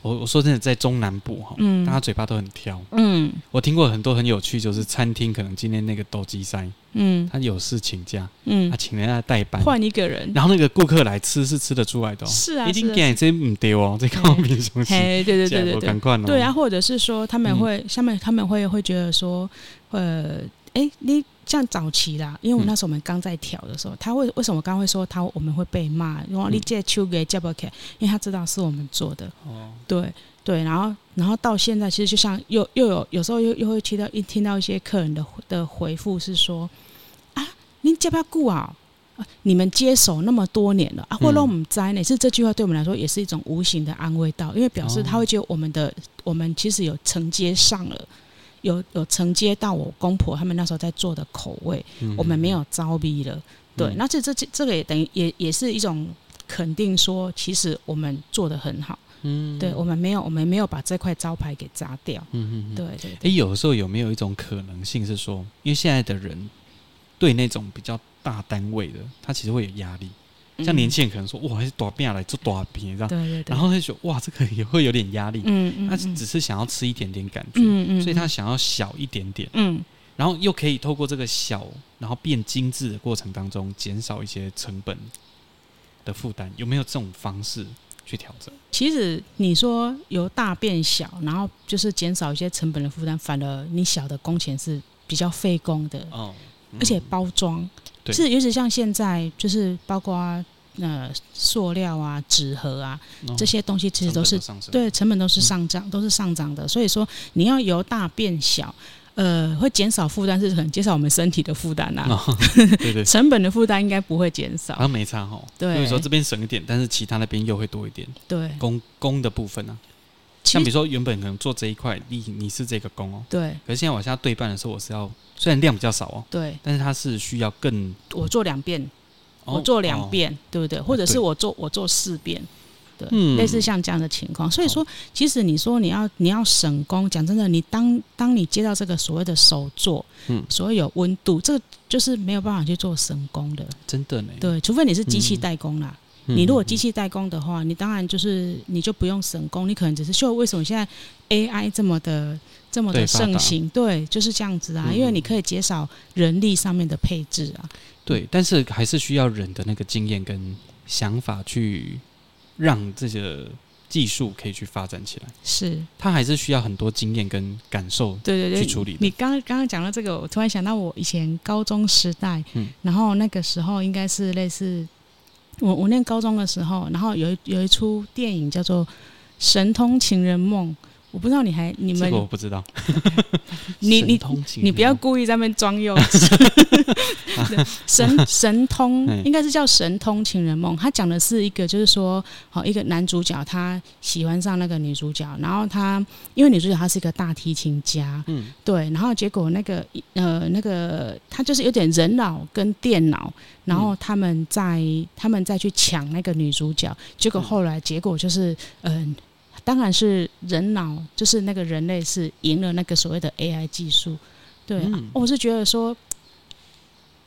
Speaker 1: 我我說真的，在中南部，哈、嗯，大家嘴巴都很挑。嗯，我聽過很多很有趣，就是餐廳可能今天那個鬥雞塞，嗯，他有事請假，嗯，他請人家代班，換一個人，然後那個顧客來吃是吃得出來的、喔。是啊，已經乾真唔掉哦，這講明什麼？嘿，對對對對、對，趕快了。對啊，或
Speaker 2: 者是說他們會，嗯、下面他們會會覺得說，呃，哎、欸，你。像早期啦，因為我那時候我們剛在調的時候，嗯、他為為什麼剛會說他我們會被罵？因為你借秋給借不給？因為他知道是我們做的。哦，對對，然後然後到現在，其實就像又又有有時候又又會聽到一聽到一些客人的的回復是說啊，您借不僱啊？你們接手那麼多年了啊，或讓我們摘，哪、嗯、是這句話對我們來說也是一種無形的安慰道，因為表示他會覺得我們的、哦、我們其實有承接上了。有有承接到我公婆他們那時候在做的口味，嗯、我們沒有招逼了、嗯，對。那這這這這個也等於也也是一種肯定，說其實我們做得很好，嗯，對，我們沒有我們沒有把這塊招牌給砸掉，嗯嗯，
Speaker 1: 對對，對。哎、欸，有時候有沒有一種可能性是說，因為現在的人對那種比較大單位的，他其實會有壓力。像年輕人可能說哇，還是多變來做多變這樣，對對對，然後他就說哇，這個也會有點壓力、嗯嗯，他只是想要吃一點點感覺、嗯嗯，所以他想要小一點點，嗯，然後又可以透過這個小，然後變精致的過程當中，減少一些成本的負擔，有沒有這種方式去調整？
Speaker 2: 其實你說由大變小，然後就是減少一些成本的負擔，反而你小的工錢是比較費工的哦、嗯，而且包裝。是，尤其像現在，就是包括呃塑料啊、紙盒啊、哦、這些東西，其實都是成對成本都是上漲、嗯，都是上漲的。所以說，你要由大變小，呃，會減少負擔，是很減少我們身體的負擔吶、啊哦。對對， 成本的負擔應該不會減少。好
Speaker 1: 像，沒差哈、哦。對，所以說這邊省一點，但是其他那邊又會多一點。對，供供的部分呢、啊？像比如說，原本可能做這一塊，你你是這個工哦，對。可是現在往下對半的時候，我是要雖然量比較少哦，對。但是它是需要更多我
Speaker 2: 做兩遍，我做兩遍，哦，對不對？或者是我做，哦，我做四遍，對，嗯，類似像這樣的情況。所以說，其實你說你要你要省工，講真的，你當當你接到這個所謂的手做，嗯，所謂有溫度，這個就是沒有辦法去做省工的，
Speaker 1: 真的呢。
Speaker 2: 對，除非你是機器代工啦。嗯。你如果機器代工的話，嗯、你當然就是你就不用省工，你可能只是秀。為什麼現在 AI 這麼的這麼的盛行？對？對，就是這樣子啊，嗯、因為你可以減少人力上面的配置啊。
Speaker 1: 對，但是還是需要人的那個經驗跟想法去讓這些技術可以去發展起來。是，它還是需要很多經驗跟感受。對對對，去處理。你
Speaker 2: 剛剛剛講到這個，我突然想到我以前高中時代，嗯，然後那個時候應該是類似。我我念高中的時候，然後有一有一出電影叫做《神通情人夢》。我不知道你還你們我不知道， 你你你不要故意在那邊裝幼稚。神神通應該是叫《神通情人夢》，他講的是一個，就是說，哦，一個男主角他喜歡上那個女主角，然後他因為女主角她是一個大提琴家，嗯，對，然後結果那個呃那個他就是有點人腦跟電腦，然後他們在、嗯、他們再去搶那個女主角，結果後來結果就是嗯。呃當然是人腦，就是那個人類是贏了那個所謂的 AI 技術。對、嗯啊，我是覺得說，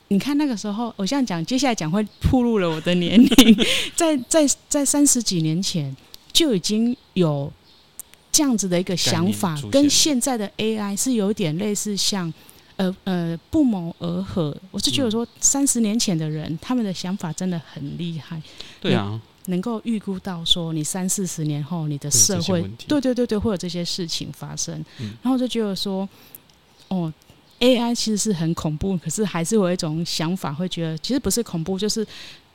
Speaker 2: 你看那個時候，我這樣講，接下來講會暴露了我的年齡， 在在在三十幾年前就已經有這樣子的一個想法，現跟現在的 AI 是有點類似像，像呃呃不謀而合。我是覺得說，三、嗯、十年前的人，他們的想法真的很厲害。對啊。嗯能夠預估到說，你三四十年後，你的社會，對對對對，會有這些事情發生。嗯、然後就覺得說，哦，AI 其實是很恐怖，可是還是有一種想法，會覺得其實不是恐怖，就是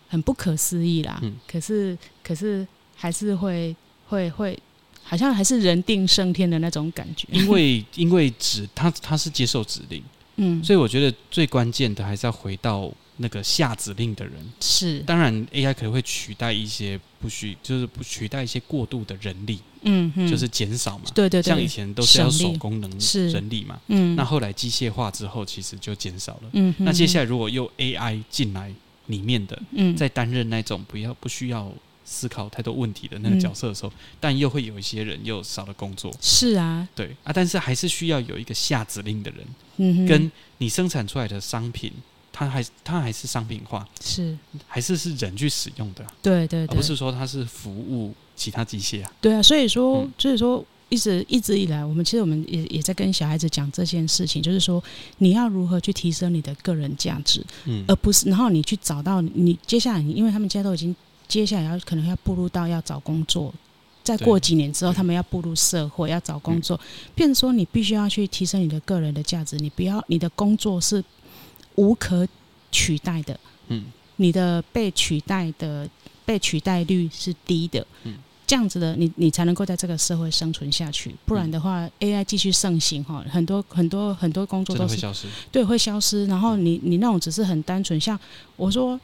Speaker 2: 很不可思議啦。嗯、可是，可是還是會會會，好像還是人定勝天的那種感覺。因為
Speaker 1: 因為指他他是接受指令，
Speaker 2: 嗯，所以
Speaker 1: 我覺得最關鍵的還是要回到。那個下指令的人是，當然 AI 可能會取代一些不需，就是不取代一些過度的人力，嗯，就是減少嘛，對對對，像以前都是要手工能力人力嘛，嗯，那後來機械化之後，其實就減少了，嗯，那接下來如果又 AI 進來裡面的，嗯，在擔任那種不要不需要思考太多問題的那個角色的時候，嗯，但又會有一些人又少了工作，是啊，對啊，但是還是需要有一個下指令的人，嗯哼，跟你生產出來的商品。它還它還是商品化，是還是是人去使用的，啊，
Speaker 2: 對對，對，不是
Speaker 1: 說它是服務其他機械啊。
Speaker 2: 對啊，所以說，所以說、嗯、就是說，一直一直以來，我們其實我們也也在跟小孩子講這件事情，就是說你要如何去提升你的個人價值，嗯，而不是然後你去找到你，你接下來，你因為他們家都已經接下來要可能要步入到要找工作，再過幾年之後，他們要步入社會要找工作，嗯、變成說你必須要去提升你的個人的價值，你不要你的工作是。無可取代的，嗯，你的被取代的被取代率是低的，嗯，這樣子的你你才能夠在這個社會生存下去，不然的話，嗯，AI 繼續盛行哈，很多很多很多工作都是會消失，對，會消失，然後你你那種只是很單純，像我說。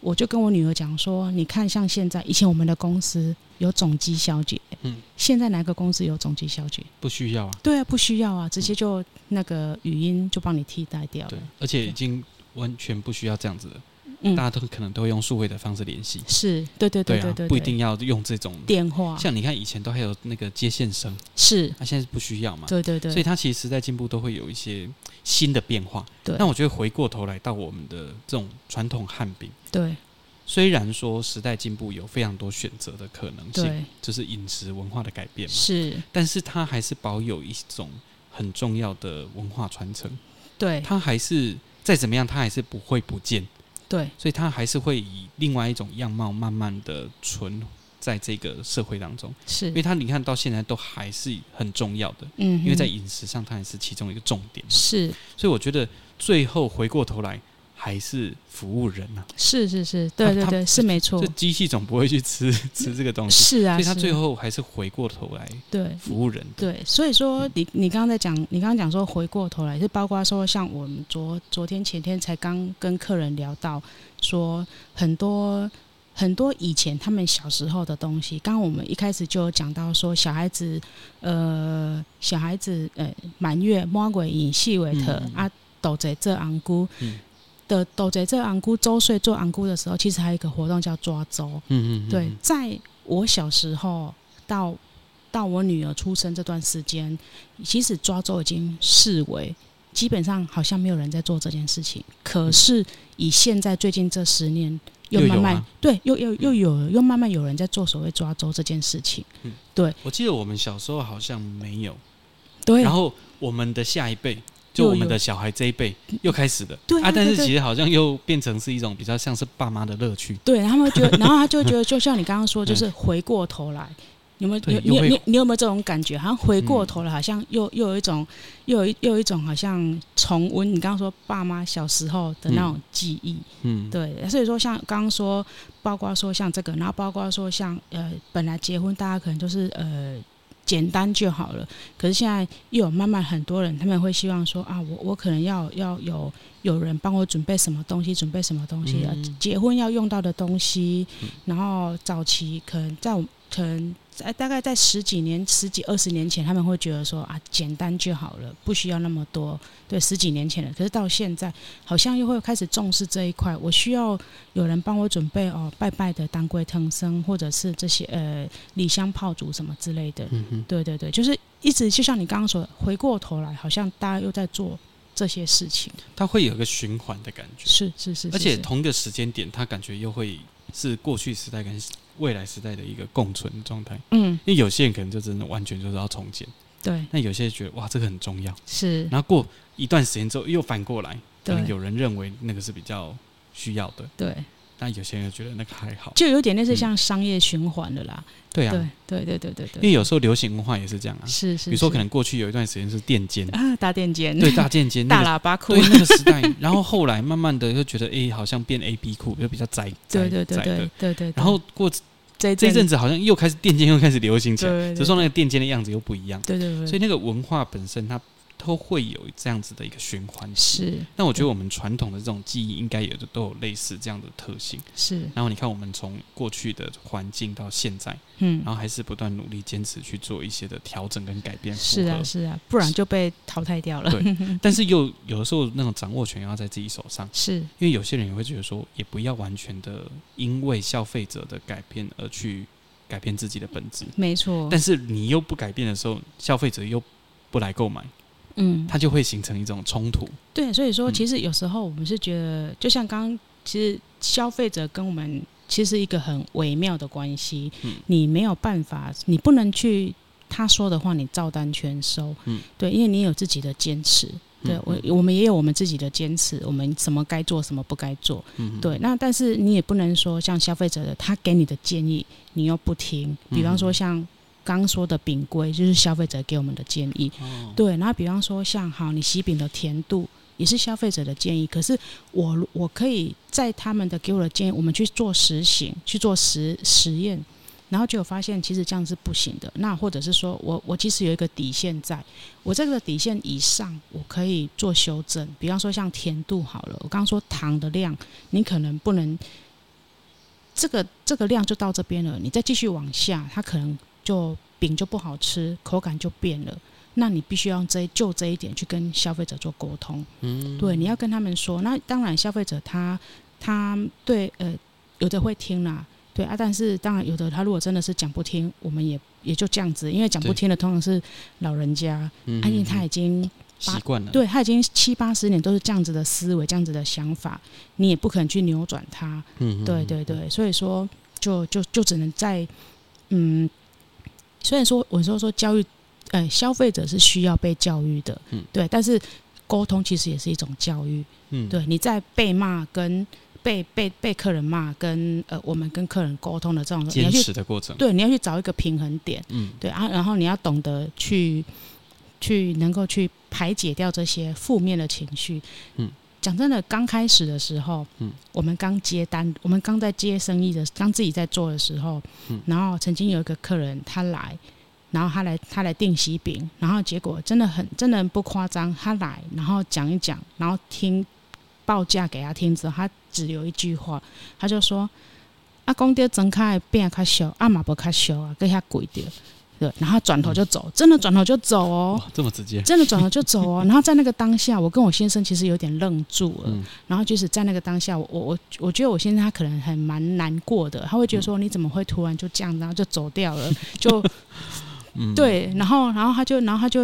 Speaker 2: 我就跟我女兒講說，你看像現在，以前我們的公司有總機小姐，嗯，現在哪個公司有總機小姐？
Speaker 1: 不需要啊。
Speaker 2: 對啊，不需要啊，直接就那個語音就幫你替代掉了。對，
Speaker 1: 而且已經完全不需要這樣子了，嗯，大家都可能都會用數位的方式聯繫。
Speaker 2: 是，對對對對對，啊，不一定
Speaker 1: 要用這種對對對對電話。像你看以前都還有那個接線生，是，啊，現在是不需要嘛？對對對，對。所以他其實在進步，都會有一些新的變化，對。那我覺得回過頭來到我們的這種傳統漢餅，對。雖然說時代進步有非常多選擇的可能性，就是飲食文化的改變嘛，是，但是它還是保有一種很重要的文化傳承，對。它還是再怎麼樣，它還是不會不見，對。所以它還是會以另外一種樣貌慢慢的存。在這個社會當中，是因為他你看到現在都還是很重要的，嗯，因為在飲食上他還是其中一個重點，是，所以我覺得最後回過頭來還是服務人吶、
Speaker 2: 啊，是是是，對對對，對，是沒錯，這
Speaker 1: 機器總不會去吃吃這個東西，嗯、是啊，是所以他最後還是回過頭來對服務人的
Speaker 2: 對，對，所以說你你剛剛在講，你剛剛講說回過頭來是包括說像我們昨昨天前天才剛跟客人聊到說很多。很多以前他們小時候的東西，剛剛我們一開始就講到說小孩子，呃，小孩子呃滿、欸、月摸鬼影，視為特啊，斗賊這昂姑的，斗在這昂姑周歲做昂姑的時候，其實還有一個活動叫抓周。嗯嗯。對，在我小時候到到我女兒出生這段時間，其實抓周已經視為基本上好像沒有人在做這件事情。可是以現在最近這十年。嗯又慢慢又有、啊、對，又又又有、嗯、又慢慢有人在做所謂抓周這件事情、嗯，對。
Speaker 1: 我記得我們小時候好像沒有，
Speaker 2: 對。然後
Speaker 1: 我們的下一輩，
Speaker 2: 就我們的
Speaker 1: 小孩這一輩又開始的、嗯，對啊，啊。但是其實好像又變成是一種比較像是爸媽的樂趣，對。他們就，然後他就覺得，
Speaker 2: 就像你剛剛說， 就是回過頭來。有沒有你有你你你有沒有這種感覺？好像回過頭了，好像又、嗯、又有一種，又有一又有一種，好像重溫你剛剛說爸媽小時候的那種記憶。嗯，嗯對。所以說，像剛剛說，包括說像這個，然後包括說像呃，本來結婚大家可能就是呃簡單就好了，可是現在又有慢慢很多人他們會希望說啊，我我可能要要有有人幫我準備什麼東西，準備什麼東西，嗯、要結婚要用到的東西。然後早期可能在我們可能。在大概在十幾年、十幾二十年前，他們會覺得說啊，簡單就好了，不需要那麼多。對，十幾年前了，可是到現在，好像又會開始重視這一塊。我需要有人幫我準備哦，拜拜的當歸、藤生，或者是這些呃，禮香炮竹什麼之類的。嗯嗯，對對對，就是一直就像你剛剛說的，回過頭來，好像大家又在做這些事情。
Speaker 1: 它會有一個循環的感覺。是是是，是。而且同一個時間點，它感覺又會。是過去時代跟未來時代的一個共存狀態。嗯，因為有些人可能就真的完全就是要重建。對，那有些人覺得哇，這個很重要。是，然後過一段時間之後又反過來，對，有人認為那個是比較需要的。對。對但有些人覺得那個還
Speaker 2: 好，就有點類似像商業循環的啦、嗯。對啊，對對對對對對，因為有
Speaker 1: 時候流行文化也是這樣啊。是是，是，比如說可能過去有一段時間是墊肩啊，
Speaker 2: 大墊肩，對大墊肩、 那個，大喇叭褲，對那個時
Speaker 1: 代。 然後後來慢慢的又覺得，哎、欸，好像變 A B 褲又比較窄，窄，對對對，對窄，對對，對對。然後過對對對
Speaker 2: 對這這陣子
Speaker 1: 好像又開始墊肩又開始流行起來，對對對對只是說那個墊肩的樣子又不一樣。對對對，對，所以那個文化本身它。都會有這樣子的一個循環。是，那我覺得我們傳統的這種技藝，應該也都有類似這樣的特性。是，然後你看我們從過去的環境到現在，嗯，然後還是不斷努力堅持去做一些的調整跟改變。是啊，是啊，不然
Speaker 2: 就被淘汰掉了。對，
Speaker 1: 但是又有的時候那種掌握權要在自己手上。是因為有些人也會覺得說，也不要完全的因為消費者的改變而去改變自己的本質。
Speaker 2: 沒錯。但是
Speaker 1: 你又不改變的時候，消費者又不來購買。嗯，它就會形成一種衝突。
Speaker 2: 對，所以說，其實有時候我們是覺得，嗯、就像剛剛，其實消費者跟我們其實一個很微妙的關係、嗯。你沒有辦法，你不能去他說的話，你照單全收。嗯，對，因為你有自己的堅持。對、嗯、我，我們也有我們自己的堅持，我們什麼該做，什麼不該做。嗯，對。那但是你也不能說像消費者的他給你的建議，你又不聽。比方說像。嗯剛說的餅規，就是消費者給我們的建議，Oh. 對。然後比方說像好，你喜餅的甜度也是消費者的建議。可是我我可以在他們的給我的建議，我們去做實行，去做實實驗，然後就發現，其實這樣是不行的。那或者是說我我其實有一個底線在，在我這個底線以上，我可以做修正。比方說像甜度好了，我剛說糖的量，你可能不能這個這個量就到這邊了，你再繼續往下，它可能。就餅就不好吃，口感就變了。那你必須要這就這一點去跟消費者做溝通。嗯，對，你要跟他們說。那當然，消費者他他對呃，有的會聽啦，對啊。但是當然，有的他如果真的是講不聽，我們也也就這樣子，因為講不聽的通常是老人家，啊嗯、哼哼因為他已經習慣了，對他已經七八十年都是這樣子的思維，這樣子的想法，你也不可能去扭轉他。嗯哼
Speaker 1: 哼，對
Speaker 2: 對對，所以說就就就只能在嗯。雖然說我說說教育，呃、欸，消費者是需要被教育的，嗯、對，但是溝通其實也是一種教育，嗯，對，你在被罵跟被被被客人罵跟呃，我們跟客人溝通的這種堅持的過程，對，你要去找一個平衡點，嗯，對啊，然後你要懂得去去能夠去排解掉這些負面的情緒，嗯。講真的，剛開始的時候，嗯、我們剛接單，我們剛在接生意的，剛自己在做的時候、嗯，然後曾經有一個客人他來，然後他來他來訂喜餅，然後結果真的很真的很不誇張，他來然後講一講，然後聽報價給他聽之後，他只有一句話，他就說：“阿公雕整開餅較小，阿、啊、嬤不較小啊，更加貴掉。”對，然後轉頭就走，嗯、真的轉頭就走哦，這麼直接，真的轉頭就走哦。然後在那個當下，我跟我先生其實有點愣住了。嗯、然後就是在那個當下，我我我覺得我先生他可能很蠻難過的，他會覺得說、嗯、你怎麼會突然就這樣，然後就走掉了，就、嗯、對。然後然後他就然後他就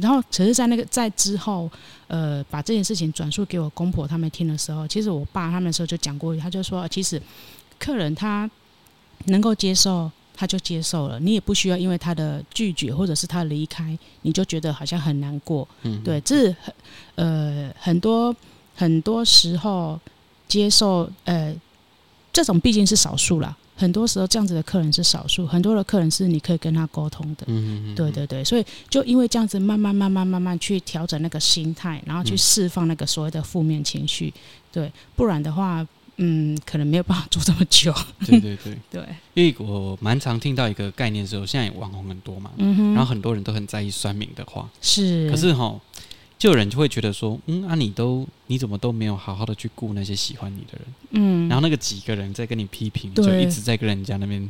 Speaker 2: 然後，只是在那個在之後，呃，把這件事情轉述給我公婆他們聽的時候，其實我爸他們時候就講過，他就說其實客人他能夠接受。他就接受了，你也不需要因為他的拒絕或者是他離開，你就覺得好像很難過。嗯，對，這是很呃很多很多時候接受呃這種畢竟是少數啦，很多時候這樣子的客人是少數，很多的客人是你可以跟他溝通的。嗯哼嗯嗯，對對對，所以就因為這樣子，慢慢慢慢慢慢去調整那個心態，然後去釋放那個所謂的負面情緒，嗯。對，不然的話。嗯，可能沒有辦法做這麼久。對對對， 對，因
Speaker 1: 為我蠻常聽到一個概念的時候，就是現在網紅很多嘛，嗯哼，然後很多人都很在意酸民的話，是。可是吼，就有人就會覺得說，嗯，啊，你都你怎麼都沒有好好的去顧那些喜歡你的人，嗯，然後那個幾個人在跟你批評，就一直在跟人家那邊，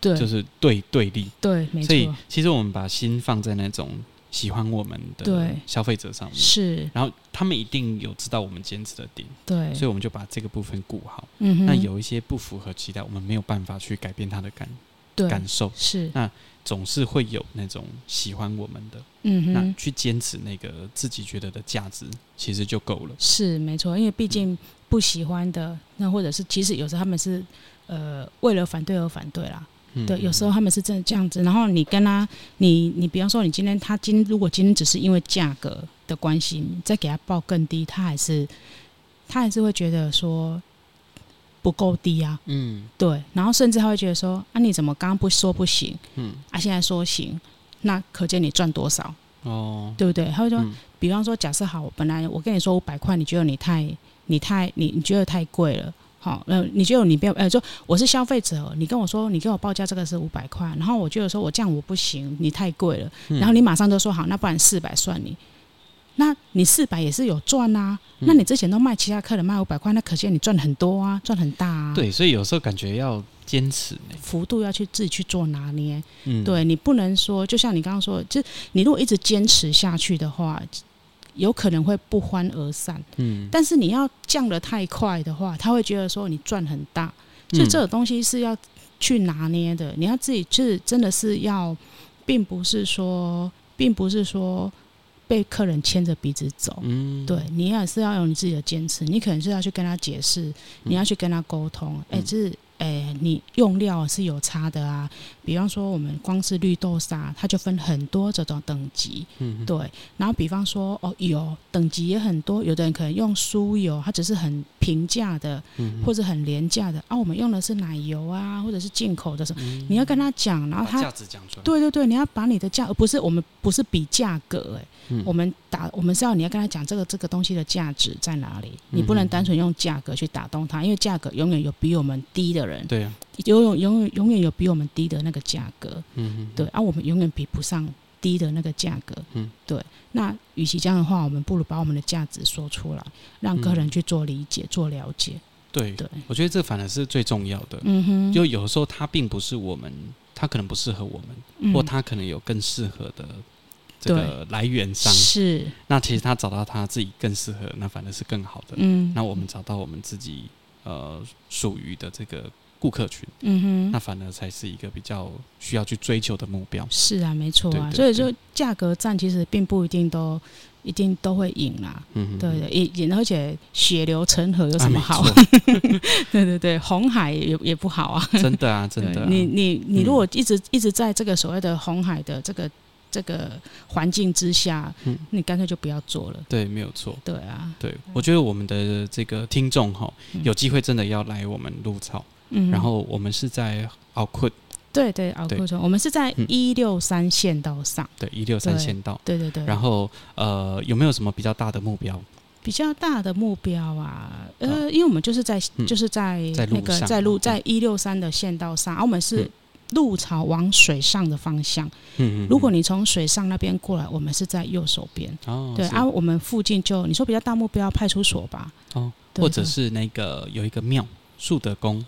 Speaker 1: 對，就是對對立，對，對，沒錯。所以其實我們把心放在那種。喜歡我們的消費者上面是，然後他們一定有知道我們堅持的點，對，所以我們就把這個部分顧好。嗯，那有一些不符合期待，我們沒有辦法去改變他的感對感受，是。那總是會有那種喜歡我們的，嗯哼，那去堅持那個自己覺得的價值，其實就夠
Speaker 2: 了。是沒錯，因為畢竟不喜歡的，嗯、那或者是其實有時候他們是呃，為了反對而反對啦。嗯、對，有時候他們是真的這樣子。然後你跟他，你你比方說，你今天他今天如果今天只是因為價格的關係，你再給他報更低，他還是他還是會覺得說不夠低啊。嗯，對。然後甚至他會覺得說，啊，你怎麼剛剛不說不行？嗯，啊，現在說行，那可見你賺多少？哦，對不對？他會說，嗯、比方說，假設好，本來我跟你說五百塊，你覺得你太你太你你覺得太貴了。好，呃，你覺得你不要，呃，就我是消費者，你跟我說，你給我報價這個是五百塊，然後我就說，我這樣我不行，你太貴了，然後你馬上就說，好，那不然四百算你，那你四百也是有賺啊，那你之前都賣其他客人賣五百塊，那可見你賺很多啊，賺很大啊。對，
Speaker 1: 所以有時候感覺要堅持、
Speaker 2: 欸、幅度要去自己去做拿捏，嗯，對你不能說，就像你剛剛說，就你如果一直堅持下去的話。有可能會不歡而散，嗯，但是你要降得太快的話，他會覺得說你賺很大，就、嗯、這個東西是要去拿捏的。你要自己就是真的是要，並不是說，並不是說被客人牽着鼻子走，嗯，對，你也是要有你自己的堅持，你可能是要去跟他解釋，你要去跟他溝通，哎、嗯欸，就是哎、欸，你用料是有差的啊。比方說，我們光是綠豆沙，它就分很多這種等級，嗯嗯對。然後比方說，哦，有等級也很多，有的人可能用酥油，它只是很平價的，嗯嗯或者很廉價的啊。我們用的是奶油啊，或者是進口的什麼。嗯嗯你要跟他講，然後他價值講出來。對對對，你要把你的價，不是我們不是比價格誒、欸，嗯、我們打我們是要你要跟他講這個這個東西的價值在哪裡，嗯嗯你不能單純用價格去打動他，因為價格永遠有比我們低的人。對、啊。有永遠永遠有比我們低的那個價格，嗯哼對，而、啊、我們永遠比不上低的那個價格，嗯，對。那與其這樣的話，我們不如把我們的價值說出來，讓客人去做理解、嗯、做了解。
Speaker 1: 對對，我覺得這反而是最重要的。嗯哼，就有時候他並不是我們，他可能不適合我們、嗯，或他可能有更適合的這個來源上是，那其實他找到他自己更適合，那反而是更好的。嗯，那我們找到我們自己呃屬於的這個。顧客群，嗯哼，那反而才是一個比較需要去追求的目標。是
Speaker 2: 啊，沒錯啊，對對對，所以就價格戰其實並不一定都一定都會贏啦。嗯，對的贏贏，而且血流成河有什麼好？啊、 對對對，紅海也也不好啊，真的啊，真的、啊。你你你如果一直、嗯、一直在這個所謂的紅海的這個這個環境之下，嗯、你乾脆就不要做了。
Speaker 1: 對，沒有錯。對啊，對，我覺得我們的這個聽眾哈、嗯，有機會真的要來我們陸超。嗯，然後我們是在敖昆，對對敖昆村，我們是
Speaker 2: 在一六三縣道上，嗯、
Speaker 1: 對一六三縣道對，對對對。然後呃，有沒有什麼比較大的目標？
Speaker 2: 比較大的目標啊，啊呃，因為我們就是在、嗯、就是在那個在路在一六三的縣道上、啊，我們是鹿草往水上的方向。嗯嗯。如果你從水上那邊過來，我們是在右手邊。嗯嗯嗯哦，對啊，我們附近就你說比較大目標派出所吧，嗯、
Speaker 1: 哦對，或者是那個有一個廟，樹德宮。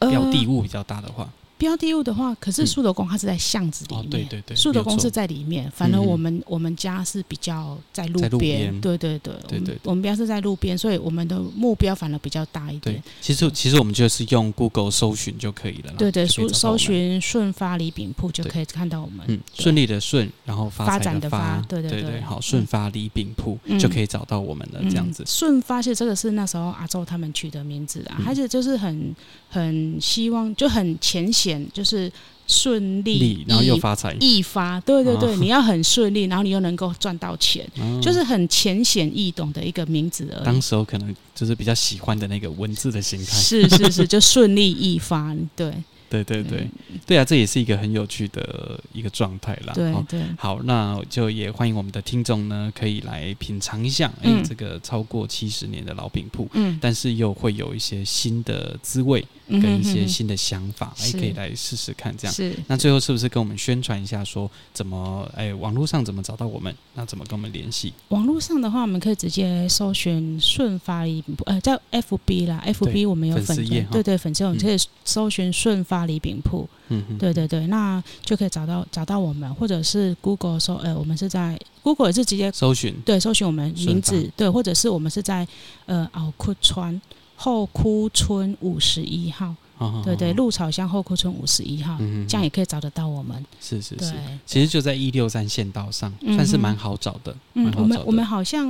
Speaker 1: 標的物比較大的話。
Speaker 2: 標的物的話，可是蘇德公它是在巷子裡面，蘇、嗯哦、德公是在裡面。反而我們、嗯、我們家是比較在路邊，路邊對對對對們我們家是在路邊，所以我們的目標反而比較大一點。
Speaker 1: 其實、嗯、其實我們就是用 Google 搜尋就可以了。對對，對，搜搜
Speaker 2: 尋“順發禮餅舖”就可以看到我們、嗯。
Speaker 1: 順利的順，然後發的發，發展的發，對對對，對對好，順發禮餅舖、嗯、就可以找到我們了。嗯、這樣子，
Speaker 2: 嗯嗯、順發是真的是那時候阿周他們取的名字啊，還、嗯、是就是很很希望就很淺顯。就是順利，利，然後又發財，易發。對對對，哦、你要很順利，然後你又能夠賺到錢、哦，就是很淺顯易懂的一個名字而已、嗯。當
Speaker 1: 時候可能就是比較喜歡的那個文字的形態。是是是，是是 就
Speaker 2: 順利易發。對對
Speaker 1: 對對對，對啊，這也是一個很有趣的一個狀態啦。對對，對、哦，好，那就也歡迎我們的聽眾呢，可以來品嘗一下。哎、嗯欸，這個超過七十年的老餅鋪，嗯，但是又會有一些新的滋味。跟一些新的想法，哎、嗯，可以來試試看這樣。是。那最後是不是跟我們宣傳一下說，說怎麼誒、欸，網絡上怎麼找到我們？那怎麼跟我們聯繫？
Speaker 2: 網絡上的話，我們可以直接搜尋順發禮餅舖。呃，在 FB 啦，FB 我們有粉絲對，對對，粉絲頁，你可以搜尋順發禮餅舖。嗯嗯。對對對，那就可以找到找到我們，或者是 Google 搜，呃，我們是在 Google 也是直接搜尋，對，搜尋我們名字，對，或者是我們是在呃奧克川。後窟村五十一號，哦，對對，對，鹿草鄉後窟村五十一號。嗯，這樣也可以找得到我們。是是是，啊、
Speaker 1: 其實就在一六三縣道上，嗯、算是蠻好找的。嗯，我們
Speaker 2: 我們好像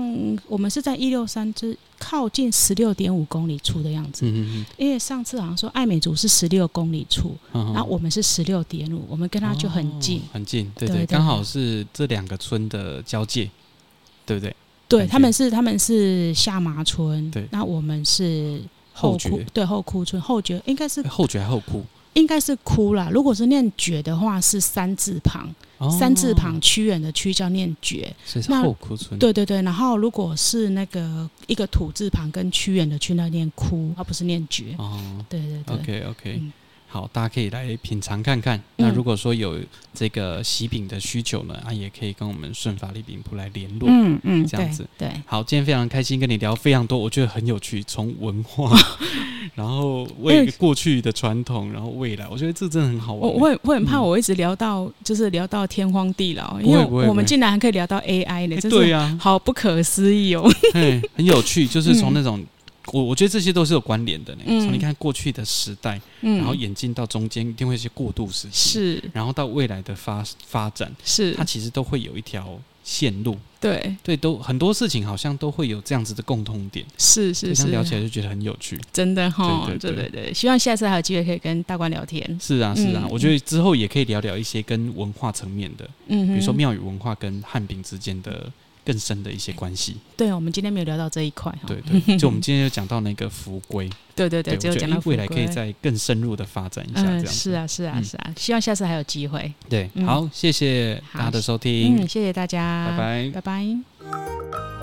Speaker 2: 我們是在一六三，就是靠近十六點五公里處的樣子、嗯。因為上次好像說愛美族是十六公里處，嗯、然後我們是十六點五，我們跟他就很近，哦、
Speaker 1: 很近。對對，對，剛好是這兩個村的交界，對不對？
Speaker 2: 對，他們是他們是下麻村，對，那我們是後哭，對後哭村後覺，應該是後覺還後哭，應該是哭了。如果是念覺的話，是山字旁，哦、山字旁屈原的屈叫念覺，所以是後哭村。對對對，然後如果是那個一個土字旁跟屈原的屈，那念哭，而不是念覺。哦，對對
Speaker 1: 對，OK OK、嗯。好，大家可以來品嘗看看。那如果說有這個喜餅的需求呢，啊，也可以跟我們順發禮餅舖來聯絡。嗯嗯，這樣子對，對。好，今天非常開心跟你聊非常多，我覺得很有趣。從文化，然後為過去的傳統，然後未來，我覺得這真的很好玩。我會，會很怕，
Speaker 2: 我一直聊到、嗯、就是聊到天荒地老，因為我們竟然還可以聊到 AI 呢，就是
Speaker 1: 好不可思議哦。欸、對、啊， 很有趣，就是從那種。嗯我我覺得這些都是有關聯的呢。從、嗯、你看過去的時代，嗯、然後演進到中間，一定會有一些過渡時期，是。然後到未來的發發展，是。它其實都會有一條線路，對對、對，都很多事情好像都會有這樣子的共通點，
Speaker 2: 是是是。這樣聊起來就覺得很有趣，真的哈，對對對。希望下次還有機會可以跟大官聊天。是啊是啊、嗯，我覺得
Speaker 1: 之後也可以聊聊一些跟文化層面的，嗯，比如說廟宇文化跟漢餅之間的。更深的一些關係，
Speaker 2: 對，我們今天沒有聊到這一塊、哦、對，對對，就我們
Speaker 1: 今天就講到那個福歸， 對對對，對我覺得只有講到福歸、欸、未來可以再更深入的發展一下這樣、嗯。是啊是啊
Speaker 2: 是啊、嗯，希望下次還有機會。對、嗯，好，
Speaker 1: 謝謝大家的收聽，嗯、謝謝大家，拜拜
Speaker 2: 拜拜。